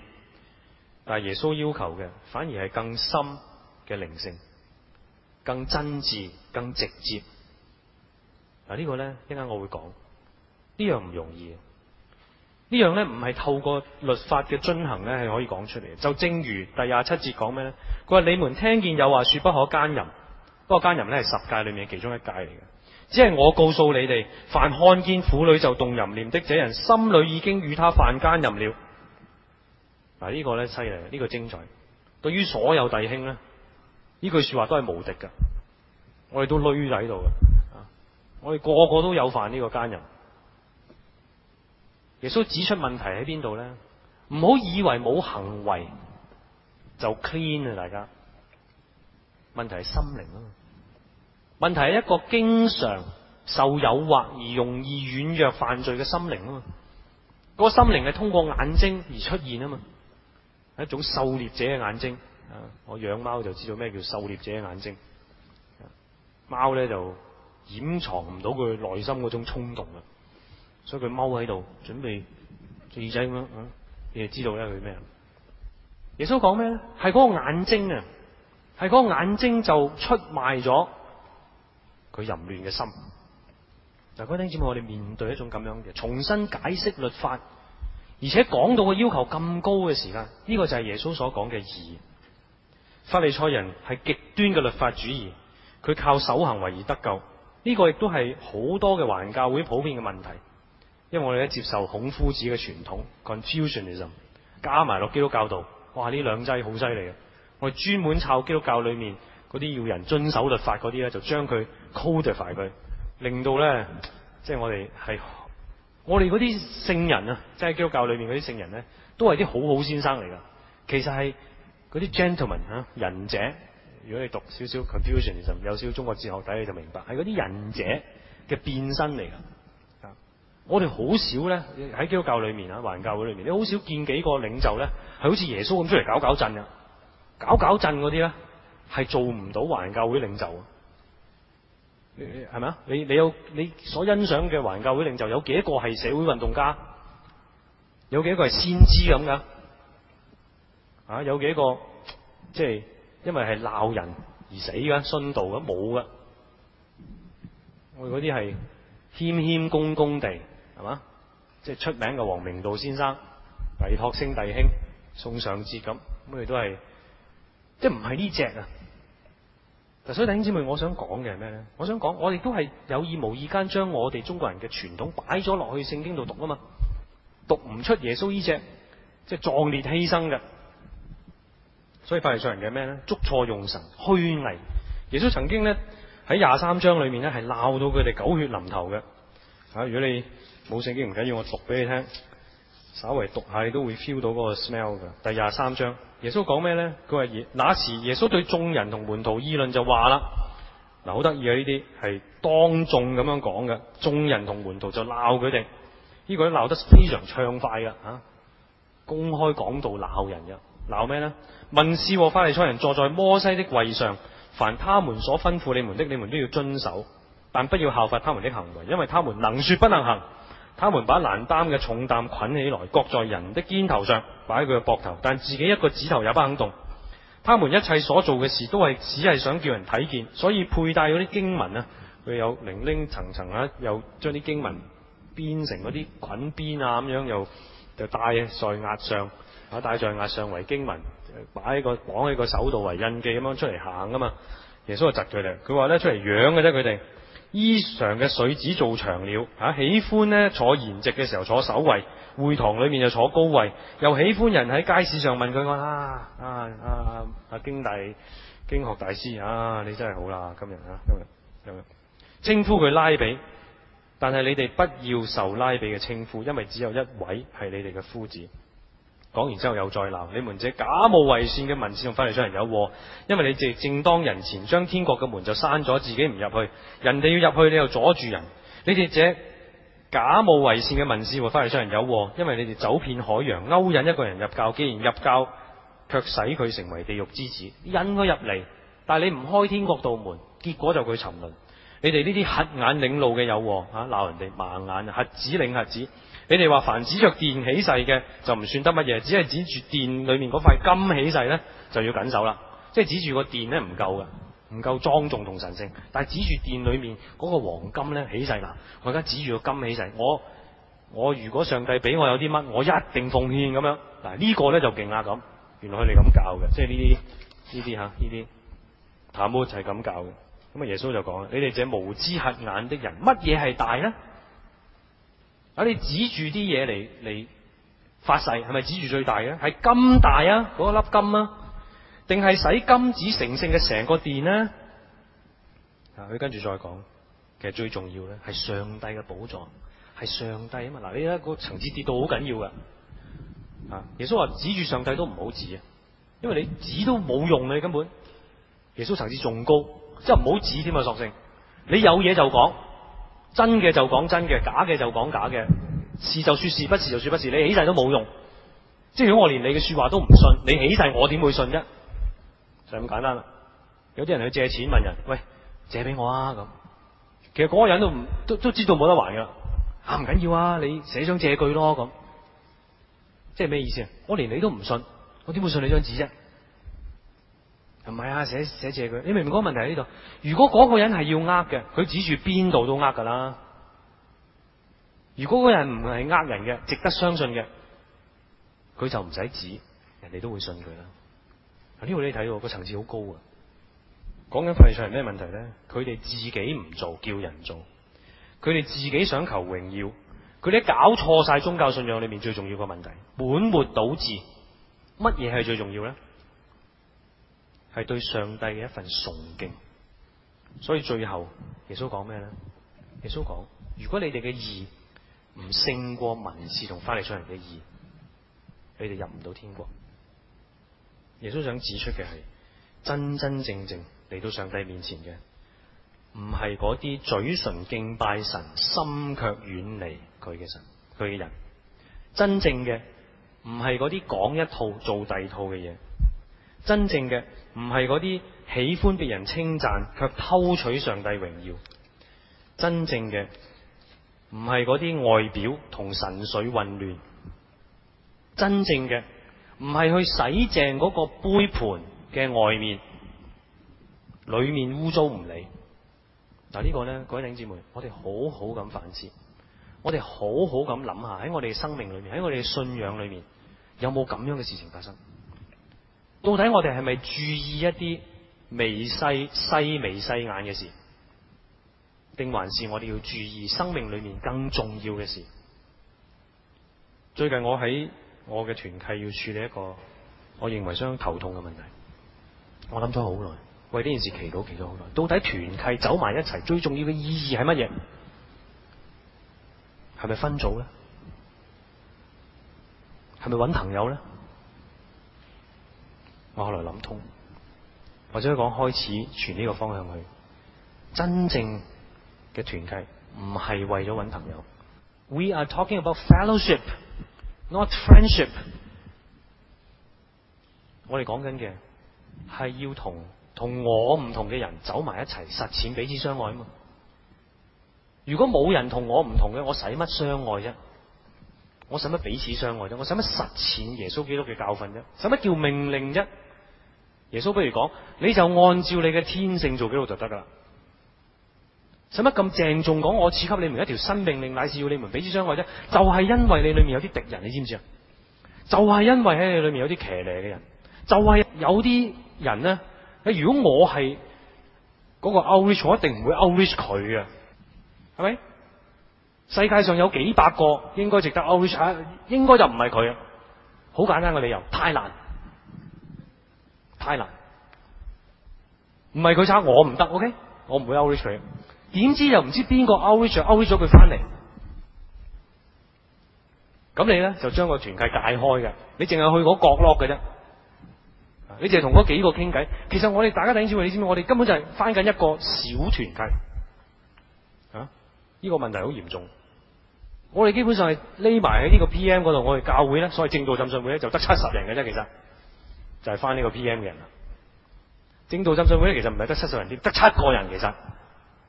但耶穌要求嘅，反而係更深嘅靈性。更真摯、更直接嗱，呢、這個呢，一陣我會講，呢樣唔容易呢樣、這個、呢，唔係透過律法嘅遵行呢，係可以講出嚟。就正如第廿七節講咩呢？佢話你們聽見有話說不可奸淫，不過奸淫呢，係十誡裏面嘅其中一戒嚟嘅。只係我告訴你哋，凡看見婦女就動淫念的這人，心裏已經與他犯奸淫了。嗱，呢個呢，犀利，呢、這個精彩，對於所有弟兄呢。呢句說話都係無敵噶，我哋都累喺度噶，我哋個個都有犯呢個奸淫。耶穌指出問題喺邊度咧？唔好以為冇行為就 clean 啊！大家，問題係心靈啊嘛，問題係一個經常受誘惑而容易軟弱犯罪嘅心靈啊嘛。嗰個心靈係通過眼睛而出現啊嘛，係一種狩獵者嘅眼睛。我養貓就知道咩叫狩獵者眼睛，貓咧就掩藏唔到佢內心嗰種衝動啦，所以佢踎喺度，準備做耳仔咁樣，嗯、你哋知道咧佢咩？耶穌講咩咧？係嗰個眼睛啊，係嗰個眼睛就出賣咗佢淫亂嘅心。嗱，嗰啲姊妹，我哋面對一種咁樣嘅重新解釋律法，而且講到佢要求咁高嘅時間，呢、個就係耶穌所講嘅義。法利賽人係極端嘅律法主義，佢靠守行為而得救。呢個亦都係好多嘅華人教會普遍嘅問題。因為我哋咧接受孔夫子嘅傳統，confucianism，加埋落基督教度，哇！呢兩劑好犀利啊！我哋專門抄基督教裏面嗰啲要人遵守律法嗰啲咧，就將佢 codify 佢，令到咧即係我哋係我哋嗰啲聖人啊，即係基督教裏面嗰啲聖人咧，都係啲好好先生嚟噶。其實係。嗰啲 gentlemen 啊，仁者，如果你讀少少 confusion 你就有少少中國哲學底，你就明白，係嗰啲仁者嘅變身嚟㗎。嗯、我哋好少咧喺基督教裏面啊，環教會裏面，你好少見幾個領袖咧係好似耶穌咁出嚟搞搞震㗎，搞搞震嗰啲咧係做唔到環教會領袖啊、嗯。你係咪啊？你你有你所欣賞嘅環教會領袖有幾個係社會運動家？有幾個係先知咁㗎？啊，有幾個即係因為係鬧人而死噶，殉道噶冇噶，我哋嗰啲係謙謙恭恭地，係嘛，即係出名嘅王明道先生，委託星弟兄送上節咁，咁佢哋都係即係唔係呢隻啊！嗱，所以弟兄姊妹，我想講嘅係咩咧？我想講，我哋都係有意無意間將我哋中國人嘅傳統擺咗落去聖經度讀啊嘛，讀唔出耶穌呢隻即係壯烈犧牲嘅。所以法利賽人嘅咩咧？捉錯用神虛偽。耶穌曾經咧喺廿三章裏面咧係鬧到佢哋狗血淋頭嘅。啊，如果你冇聖經唔緊要，我讀俾你聽，稍為讀下你都會 feel 到嗰個 smell 噶。第廿三章，耶穌講咩咧？佢話：那時耶穌對眾人同門徒議論就話啦，嗱好得意啊！呢啲係當眾咁樣講嘅，眾人同門徒就鬧佢哋，呢個都鬧得非常暢快嘅。啊，公開講道鬧人嘅。鬧咩咧？文士和法利賽人坐在摩西的位上，凡他們所吩咐你們的，你們都要遵守，但不要效法他們的行為，因為他們能說不能行。他們把難擔嘅重擔捆起來，擱在人的肩頭上，擺喺佢嘅膊頭，但自己一個指頭也不肯動。他們一切所做嘅事，都係只係想叫人睇見，所以佩戴嗰啲經文啊，佢有零零層層啊，又將啲經文編成嗰啲滾邊啊咁樣，又就戴在額上。擺帶額上為經文，擺個綁喺個手度為印記咁樣出嚟行噶嘛？耶穌就窒佢哋，佢話咧出嚟養嘅啫，佢哋衣裳嘅水子做長了啊！喜歡咧坐筵席嘅時候坐首位，會堂裏面就坐高位，又喜歡人喺街市上問佢話啊啊啊啊經大經學大師啊，你真係好啦，今日啊，今日、啊、咁樣稱呼佢拉比，但係你哋不要受拉比嘅稱呼，因為只有一位係你哋嘅夫子。講完之後又再鬧，你們這假冒偽善嘅文士同法利賽人有禍，因為你哋正當人前將天國嘅門就閂咗，自己唔入去，人哋要入去你又阻住人，你哋這假冒偽善嘅文士同法利賽人有禍，因為你哋走遍海洋勾引一個人入教，既然入教卻使佢成為地獄之子，引佢入嚟，但係你唔開天國道門，結果就佢沉淪。你哋呢啲瞎眼領路嘅有禍啊！鬧人哋盲眼，瞎子領瞎子。你哋話凡指著殿起誓嘅就唔算得乜嘢，只係指住殿裏面嗰塊金起誓咧就要謹守啦。即係指住個殿咧唔夠嘅，唔夠莊重同神聖。但係指住殿裏面嗰個黃金咧起誓嗱，我而家指住個金起誓，我我如果上帝俾我有啲乜，我一定奉獻咁樣。嗱呢個咧就勁啦咁。原來佢哋咁教嘅，即係呢啲呢啲吓呢啲，探妹、啊、就係咁教嘅。咁啊耶穌就講啦，你哋這無知瞎眼的人，乜嘢係大咧？啊！你指住啲嘢嚟嚟發誓，係咪指住最大嘅？係金大啊，嗰粒金啊，定係使金子成聖嘅成個殿咧？啊，佢跟住再講，其實最重要咧係上帝嘅寶藏，係上帝啊嘛！嗱，你一個層次跌到好緊要嘅，啊，耶穌話指住上帝都唔好指啊，因為你指都冇用嘅，根本。耶穌層次仲高，即係唔好指添啊！索性你有嘢就講。真嘅就講真嘅，假嘅就講假嘅，是就說是，不是就說不是，你起誓都冇用。即係如果我連你嘅說話都唔信，你起誓我點會信啫？就係咁簡單啦。有啲人去借錢問人，喂，借俾我啊咁。其實嗰個人都唔都都知道冇得還噶啦。唔緊要啊，你寫張借據咯咁。即係咩意思啊？我連你都唔信，我點會信你張紙啫？唔係啊，寫寫借佢。你明唔明嗰個問題喺呢度？如果嗰個人係要呃嘅，佢指住邊度都呃噶啦。如果嗰個人唔係呃人嘅，值得相信嘅，佢就唔使指，人哋都會信佢啦。呢度你睇到個層次好高啊！講緊法利賽係咩問題咧？佢哋自己唔做，叫人做。佢哋自己想求榮耀，佢哋搞錯晒宗教信仰裏面最重要個問題，本末倒置。乜嘢係最重要咧？係對上帝嘅一份崇敬，所以最後耶穌講咩呢？耶穌講：如果你哋嘅義唔勝過文士同法利賽人嘅義，你哋入唔到天國。耶穌想指出嘅係真真正正嚟到上帝面前嘅，唔係嗰啲嘴唇敬拜神，心卻遠離佢嘅神，佢嘅人。真正嘅唔係嗰啲講一套做第二套嘅嘢。真正嘅唔係啲喜歡被人稱讚卻偷取上帝榮耀，真正嘅唔係啲外表同神水混亂，真正嘅唔係去洗淨個杯盤嘅外面，裏面污糟唔理。嗱，呢個咧，各位弟兄姊妹，我哋好好咁反思，我哋好好咁諗下喺我哋生命裏面，喺我哋信仰裏面，有冇咁樣嘅事情發生？到底我哋係咪注意一啲微細、細微、細眼嘅事，定還是我哋要注意生命裏面更重要嘅事？最近我喺我嘅團契要處理一個我認為相當頭痛嘅問題，我諗咗好耐，為呢件事祈禱祈禱好耐。到底團契走埋一齊最重要嘅意義係乜嘢？係咪分組咧？係咪搵朋友咧？我後來諗通，或者講開始傳呢個方向去，真正嘅團契唔係為咗搵朋友。We are talking about fellowship, not friendship。我哋講緊嘅係要同同我唔同嘅人走埋一齊實踐彼此相愛啊嘛！如果冇人同我唔同嘅，我使乜相愛啫？我使乜彼此相愛啫？我使乜實踐耶穌基督嘅教訓啫？使乜叫命令啫？耶穌不如講，你就按照你嘅天性做幾我就得噶啦。使乜咁鄭重講？我賜給你們一條新命令，乃是要你們彼此相愛啫。就係、是、因為你裏面有啲敵人，你知唔知啊？就係、是、因為喺你裏面有啲騎呢嘅人，就係、是、有啲人呢，誒，如果我係嗰個 reach，一定唔會佢嘅，係咪？世界上有幾百個應該值得 o u 應該就唔係佢。好簡單嘅理由，太難。太難，唔係佢差我唔得，OK？我唔會 outreach，點知又唔知邊個 outreach，outreach 咗佢翻嚟，咁你咧就將個團契解開嘅，你淨係去嗰角落嘅啫，你淨係同嗰幾個傾偈。其實我哋大家頂住，你知唔知？我哋根本就係翻緊一個小團契，啊？呢個問題好嚴重，我哋基本上係匿埋喺呢個 PM 嗰度，我哋教會咧，所謂正道浸信會咧就得七十人嘅啫，其實。就係翻呢個 P.M. 嘅人啦，正道浸信會咧，其實唔係得七十人添，得七個人其實，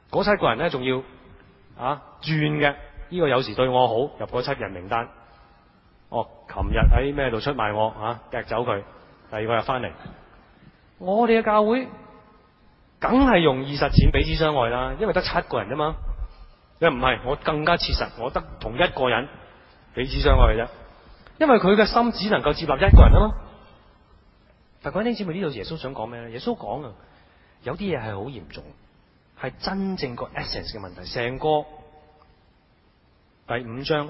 嗰七個人咧仲要啊轉嘅，呢個有時對我好，入嗰七人名單。哦，琴日喺咩度出賣我啊？踢走佢，第二個又翻嚟。我哋嘅教會梗係容易實踐彼此相愛啦，因為得七個人啫嘛。因為唔係，我更加切實，我得同一個人彼此相愛嘅啫，因為佢嘅心只能夠接納一個人啊嘛。嗱，嗰啲姊妹，呢度耶穌想講咩咧？耶穌講啊，有啲嘢係好嚴重，係真正個 essence 嘅問題。成個第五章，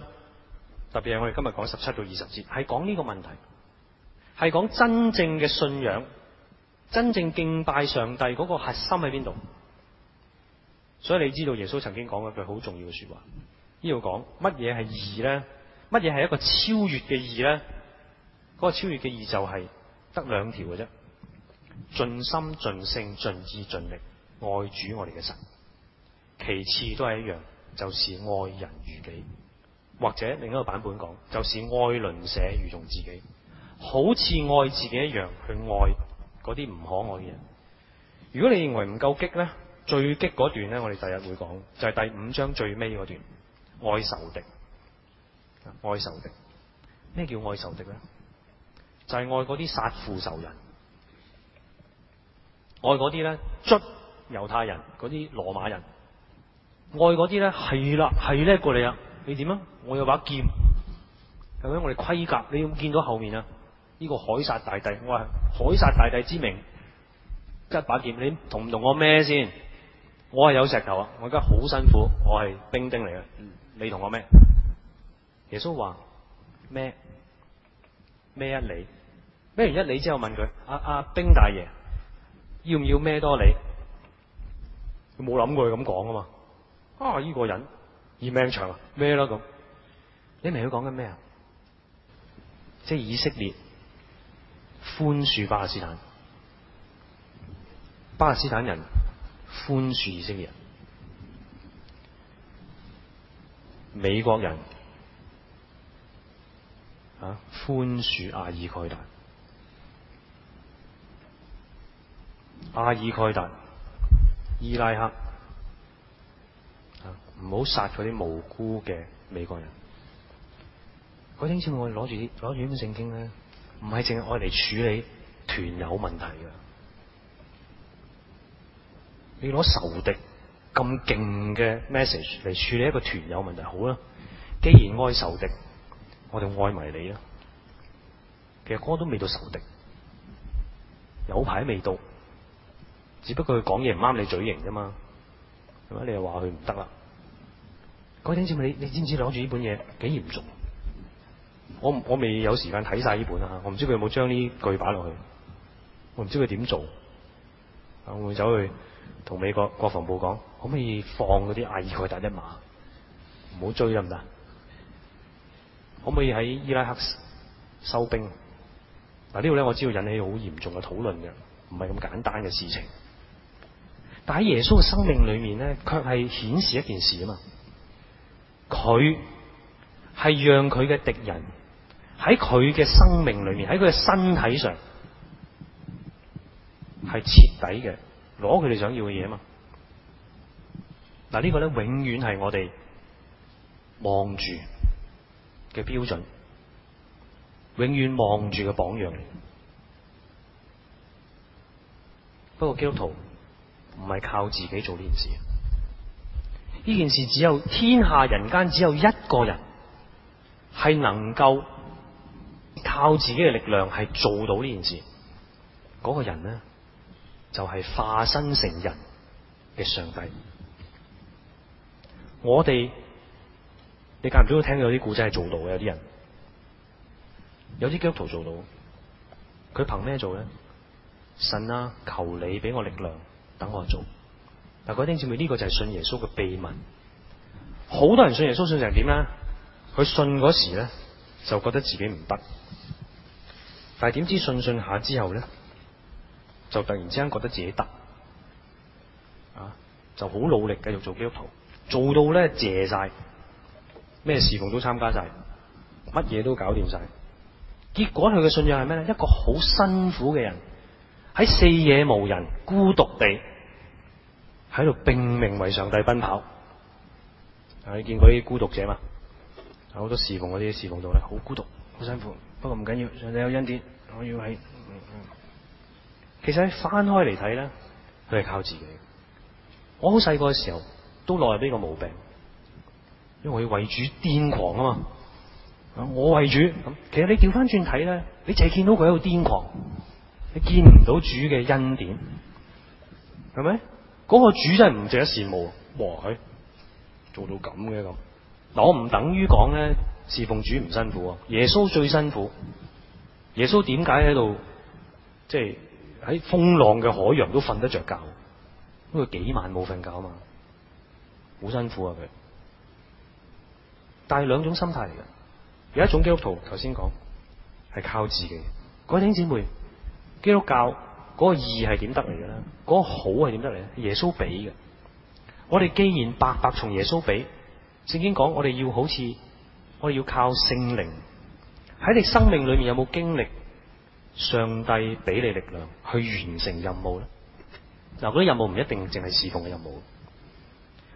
特別係我哋今日講十七到二十節，係講呢個問題，係講真正嘅信仰、真正敬拜上帝嗰個核心喺邊度。所以你知道耶穌曾經講一句好重要嘅說話。說呢度講乜嘢係義咧？乜嘢係一個超越嘅義咧？嗰個超越嘅義就係、是。得兩條嘅啫，盡心盡性盡意盡力愛主我哋嘅神。其次都係一樣，就是愛人如己，或者另一個版本講，就是愛鄰舍如同自己，好似愛自己一樣去愛嗰啲唔可愛嘅人。如果你認為唔夠激呢，最激嗰段呢，我哋第日會講，就係第五章最尾嗰段，愛仇敵，愛仇敵，咩叫愛仇敵呢？」就係愛嗰啲殺父仇人，愛嗰啲咧卒猶太人，嗰啲羅馬人，愛嗰啲咧係啦係叻過嚟啊！你點啊？我有把劍，係咪我哋盔甲，你有冇見到後面啊？呢、這個凱撒大帝，我係凱撒大帝之名，拮把劍，你同唔同我孭先？我係有石頭啊！我而家好辛苦，我係兵丁嚟嘅，你同我孭？耶穌話孭孭啊你？咩？一你之後問佢阿阿丁大爺要唔要孭多你？佢冇諗過佢咁講啊嘛！啊，呢、這個人業命長啊，孭啦咁？你明佢講緊咩啊？即係以色列寬恕巴勒斯坦，巴勒斯坦人寬恕以色列人，美國人啊寬恕阿爾蓋達。阿爾蓋達、伊拉克，唔好殺咗啲無辜嘅美國人。嗰陣時我攞住啲攞住本聖經咧，唔係淨係愛嚟處理團友問題噶。你攞仇敵咁勁嘅 message 嚟處理一個團友問題好啦。既然愛仇敵，我哋愛埋你啦。其實哥都未到仇敵，有排未到。只不過佢講嘢唔啱你嘴型啫嘛，係咪？你又話佢唔得啦？嗰頂似你？你知唔知攞住呢本嘢幾嚴重？我我未有時間睇晒呢本啊！我唔知佢有冇將呢句擺落去，我唔知佢點做。我會走去同美國國防部講，可唔可以放嗰啲阿爾蓋達一馬，唔好追啦，唔得？可唔可以喺伊拉克收兵？嗱、啊，呢度咧，我知道引起好嚴重嘅討論嘅，唔係咁簡單嘅事情。但喺耶穌嘅生命裏面咧，卻係顯示一件事啊嘛！佢係讓佢嘅敵人喺佢嘅生命裏面，喺佢嘅身體上係徹底嘅攞佢哋想要嘅嘢啊嘛！嗱，呢個咧永遠係我哋望住嘅標準，永遠望住嘅榜樣。不過基督徒。唔係靠自己做呢件事，呢件事只有天下人間，只有一個人係能夠靠自己嘅力量係做到呢件事，嗰個人咧就係化身成人嘅上帝。我哋你間唔中都聽到啲古仔係做到嘅，有啲人有啲基督徒做到，佢憑咩做咧？神啊，求你俾我力量。等我做，嗱各位弟兄姊妹呢、呢個就係信耶穌嘅秘密。好多人信耶穌信成點咧？佢信時咧就覺得自己唔得，但係點知信信下之後咧，就突然之間覺得自己得，啊就好努力繼續做基督徒，做到咧謝晒，咩事奉都參加晒，乜嘢都搞掂晒，結果佢嘅信仰係咩咧？一個好辛苦嘅人。喺四野無人，孤獨地喺度拼命為上帝奔跑。啊、你見過啲孤獨者嗎？好、啊、多侍奉嗰啲侍奉度咧，好孤獨，好辛苦。不過唔緊要，上帝有恩典。我要喺……嗯嗯、其實喺翻開嚟睇咧，佢係靠自己。我好細個嘅時候都落入呢個毛病，因為我要為主癲狂啊嘛。嗯、我為主，咁其實你調翻轉睇咧，你淨係見到佢喺度癲狂。你見唔到主嘅恩典係咪？嗰個主真係唔值得羨慕，啊。哇，佢做到咁嘅咁。嗱，我唔等於講咧，侍奉主唔辛苦，啊。耶穌最辛苦。耶穌點解喺度即係喺風浪嘅海洋都瞓得着覺？因為幾晚冇瞓覺嘛，好辛苦啊佢。但係兩種心態嚟嘅，有一種基督徒頭先講係靠自己，各位兄姐妹。基督教嗰個義係點得嚟嘅咧？嗰個好係點得嚟咧？係耶穌俾嘅，我哋既然白白從耶穌俾，聖經講我哋要好似我哋要靠聖靈喺你生命裏面有冇經歷上帝俾你力量去完成任務咧？嗱，嗰啲任務唔一定淨係侍奉嘅任務，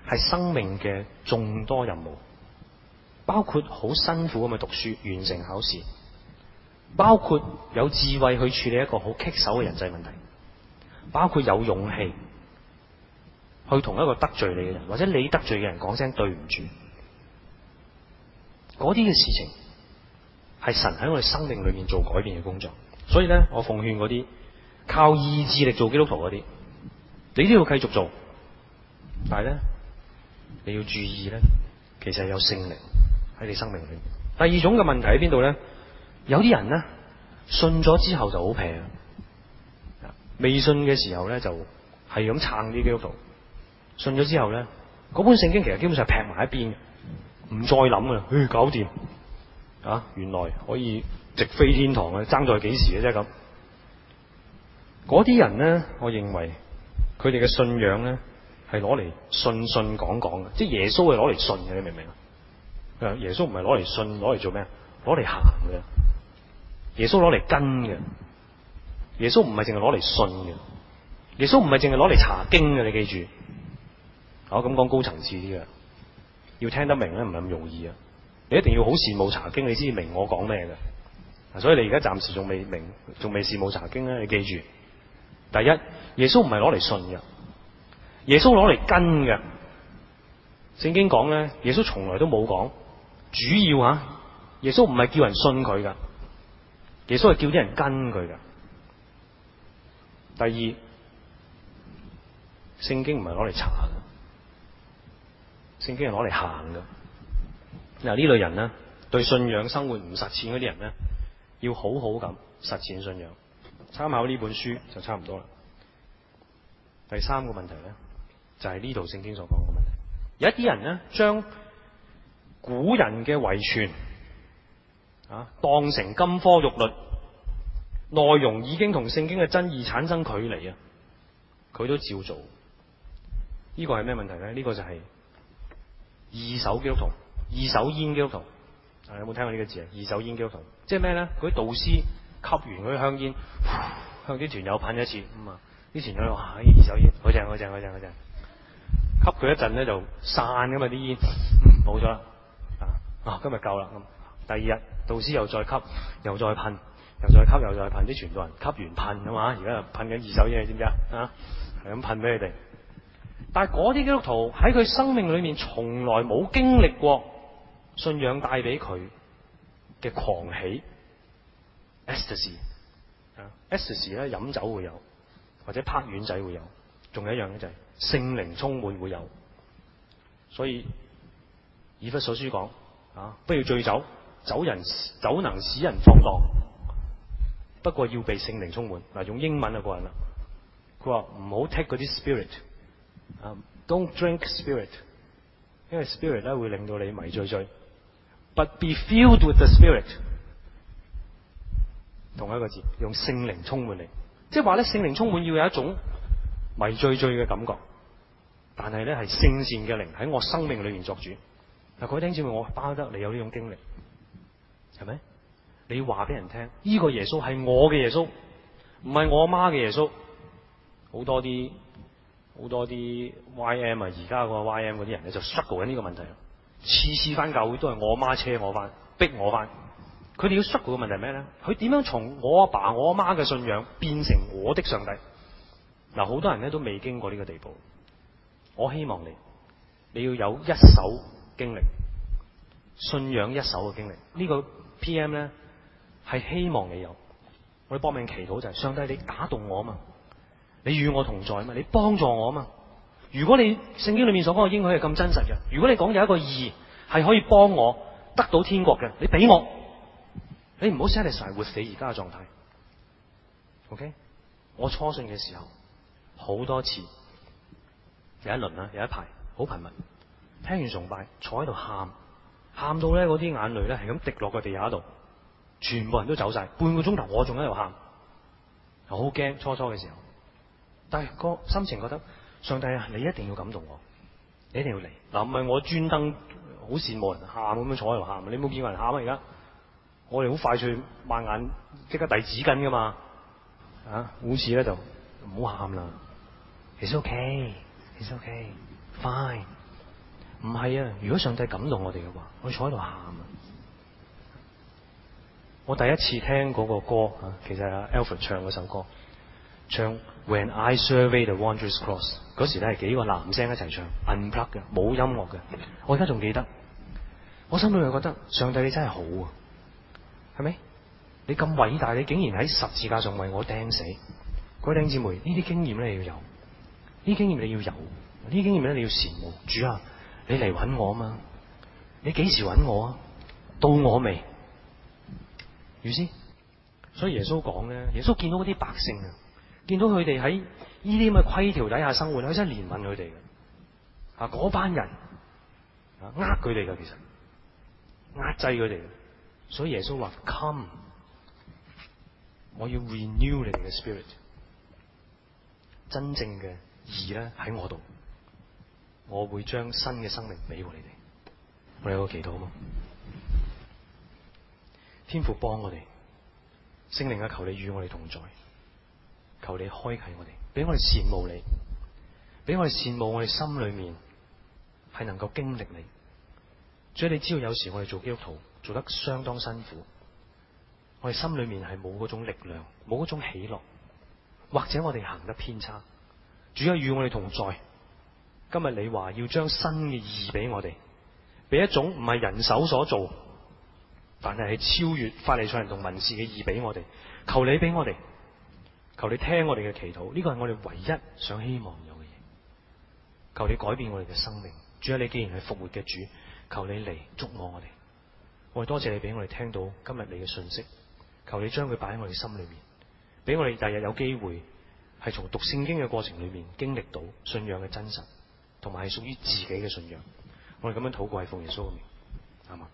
係生命嘅眾多任務，包括好辛苦咁去讀書、完成考試。包括有智慧去處理一個好棘手嘅人際問題，包括有勇氣去同一個得罪你嘅人，或者你得罪嘅人講聲對唔住，嗰啲嘅事情係神喺我哋生命裏面做改變嘅工作。所以咧，我奉勸嗰啲靠意志力做基督徒嗰啲，你都要繼續做，但係咧你要注意咧，其實有聖靈喺你生命裏面。第二種嘅問題喺邊度咧？有啲人咧，信咗之後就好平，未信嘅時候咧就係咁撐啲膠條，信咗之後咧嗰本聖經其實基本上劈埋一邊，唔再諗噶，去、哎、搞掂，啊原來可以直飛天堂嘅，爭在幾時嘅啫咁。嗰啲人咧，我認為佢哋嘅信仰咧係攞嚟信信講講嘅，即係耶穌係攞嚟信嘅，你明唔明啊？耶穌唔係攞嚟信，攞嚟做咩啊？攞嚟行嘅。耶穌攞嚟跟嘅，耶穌唔係淨係攞嚟信嘅，耶穌唔係淨係攞嚟查經嘅，你記住，我咁講高層次啲嘅，要聽得明咧唔係咁容易啊！你一定要好羨慕查經，你先至明我講咩嘅。所以你而家暫時仲未明，仲未羨慕查經咧，你記住，第一，耶穌唔係攞嚟信嘅，耶穌攞嚟跟嘅。聖經講咧，耶穌從來都冇講，主要吓，耶穌唔係叫人信佢噶耶穌係叫啲人跟佢噶。第二，聖經唔係攞嚟查噶，聖經係攞嚟行噶。嗱呢類人咧，對信仰生活唔實踐嗰啲人咧，要好好咁實踐信仰，參考呢本書就差唔多啦。第三個問題咧，就係呢度聖經所講嘅問題。有一啲人咧，將古人嘅遺傳。啊，當成金科玉律，內容已經同聖經嘅真義產生距離啊，佢都照做。呢個係咩問題咧？呢個就係二手基督徒、二手煙基督徒。啊，有冇聽過呢個字啊？二手煙基督徒，即係咩咧？嗰啲導師吸完嗰啲香煙，呃，向啲團友噴一次，咁啊，啲團友話：二手煙，好正，好正，好正，好正。吸佢一陣咧就散㗎嘛。啲煙冇咗啦。啊，今日夠啦咁。嗯第二日，導師又再吸，又再噴，又再吸，又再噴，啲全部人吸完噴啊嘛！而家又噴緊二手嘢，你知唔知啊？係咁噴俾佢哋。但係啲基督徒喺佢生命裏面從來冇經歷過信仰帶俾佢嘅狂喜，ecstasy 啊，ecstasy 咧，飲酒會有，或者拍丸仔會有，仲有一樣咧就係聖靈充滿會有。所以以弗所書講啊，不要醉酒。走人，走能使人放蕩。不過要被聖靈充滿。嗱，用英文啊，那個人啦。佢話唔好 take 啲 spirit，don't drink spirit，因為 spirit 咧會令到你迷醉醉。But be filled with the spirit。同一個字，用聖靈充滿你，即係話咧聖靈充滿要有一種迷醉醉嘅感覺。但係咧係聖善嘅靈喺我生命裏面作主。嗱，各位聽者們，我巴不得你有呢種經歷。係咪？你話俾人聽，呢個耶穌係我嘅耶穌，唔係我阿媽嘅耶穌。好多啲好多啲 YM 啊，而家個 YM 嗰啲人咧就 struggle 緊呢個問題，次次翻教會都係我阿媽車我翻，逼我翻。佢哋要 struggle 嘅問題係咩咧？佢點樣從我阿爸、我阿媽嘅信仰變成我的上帝？嗱，好多人咧都未經過呢個地步。我希望你，你要有一手經歷，信仰一手嘅經歷，呢個。P.M. 咧係希望你有，我哋搏命祈禱就係、是，上帝你打動我啊嘛，你與我同在啊嘛，你幫助我啊嘛。如果你聖經裏面所講嘅應許係咁真實嘅，如果你講有一個義係可以幫我得到天國嘅，你俾我，你唔好 stress 晒，活死而家嘅狀態。OK，我初信嘅時候好多次，有一輪啊，有一排好頻密，聽完崇拜坐喺度喊。喊到咧，啲眼淚咧係咁滴落個地下度，全部人都走晒。半個鐘頭，我仲喺度喊，好驚初初嘅時候。但係個心情覺得，上帝啊，你一定要感動我，你一定要嚟嗱，唔係我專登好羨慕人喊咁樣坐喺度喊。你冇見過人喊啊？而家我哋好快脆擘眼，即刻遞紙巾噶嘛。啊，護士咧就唔好喊啦。It's okay, it's okay, fine. 唔係啊！如果上帝感動我哋嘅話，我坐喺度喊啊！我第一次聽嗰個歌啊，其實阿 Alfred 唱嗰首歌，唱 When I Survey the Wondrous Cross 嗰時咧係幾個男聲一齊唱，unplug 嘅，冇音樂嘅。我而家仲記得，我心裏又覺得上帝你真係好啊，係咪？你咁偉大，你竟然喺十字架上為我釘死。各位弟兄姊妹，呢啲經驗咧你要有，呢經驗你要有，呢經驗咧你要羨慕主啊！你嚟揾我啊嘛？你幾時揾我啊？到我未？如先，所以耶穌講咧，耶穌見到嗰啲百姓啊，見到佢哋喺呢啲咁嘅規條底下生活，佢想憐憫佢哋嘅啊，嗰班人啊，壓佢哋嘅其實，壓制佢哋，所以耶穌話：Come，我要 renew 你哋嘅 spirit，真正嘅義咧喺我度。我會將新嘅生命俾過你哋，我哋有個祈禱咯。天父幫我哋，聖靈啊，求你與我哋同在，求你開啟我哋，俾我哋羨慕你，俾我哋羨慕我哋心裏面係能夠經歷你。主啊，你知道有時我哋做基督徒做得相當辛苦，我哋心裏面係冇嗰種力量，冇嗰種喜樂，或者我哋行得偏差，主啊，與我哋同在。今日你話要將新嘅意義俾我哋，俾一種唔係人手所做，但係係超越法利賽人同文士嘅意義俾我哋。求你俾我哋，求你聽我哋嘅祈禱。呢個係我哋唯一想希望有嘅嘢，求你改變我哋嘅生命。主啊，你既然係復活嘅主，求你嚟捉我哋。我我哋多謝你俾我哋聽到今日你嘅訊息。求你將佢擺喺我哋心裏面，俾我哋第日，日有機會係從讀聖經嘅過程裏面經歷到信仰嘅真實，同埋係屬於自己嘅信仰，我哋咁樣禱告係奉耶穌嘅名，係嘛？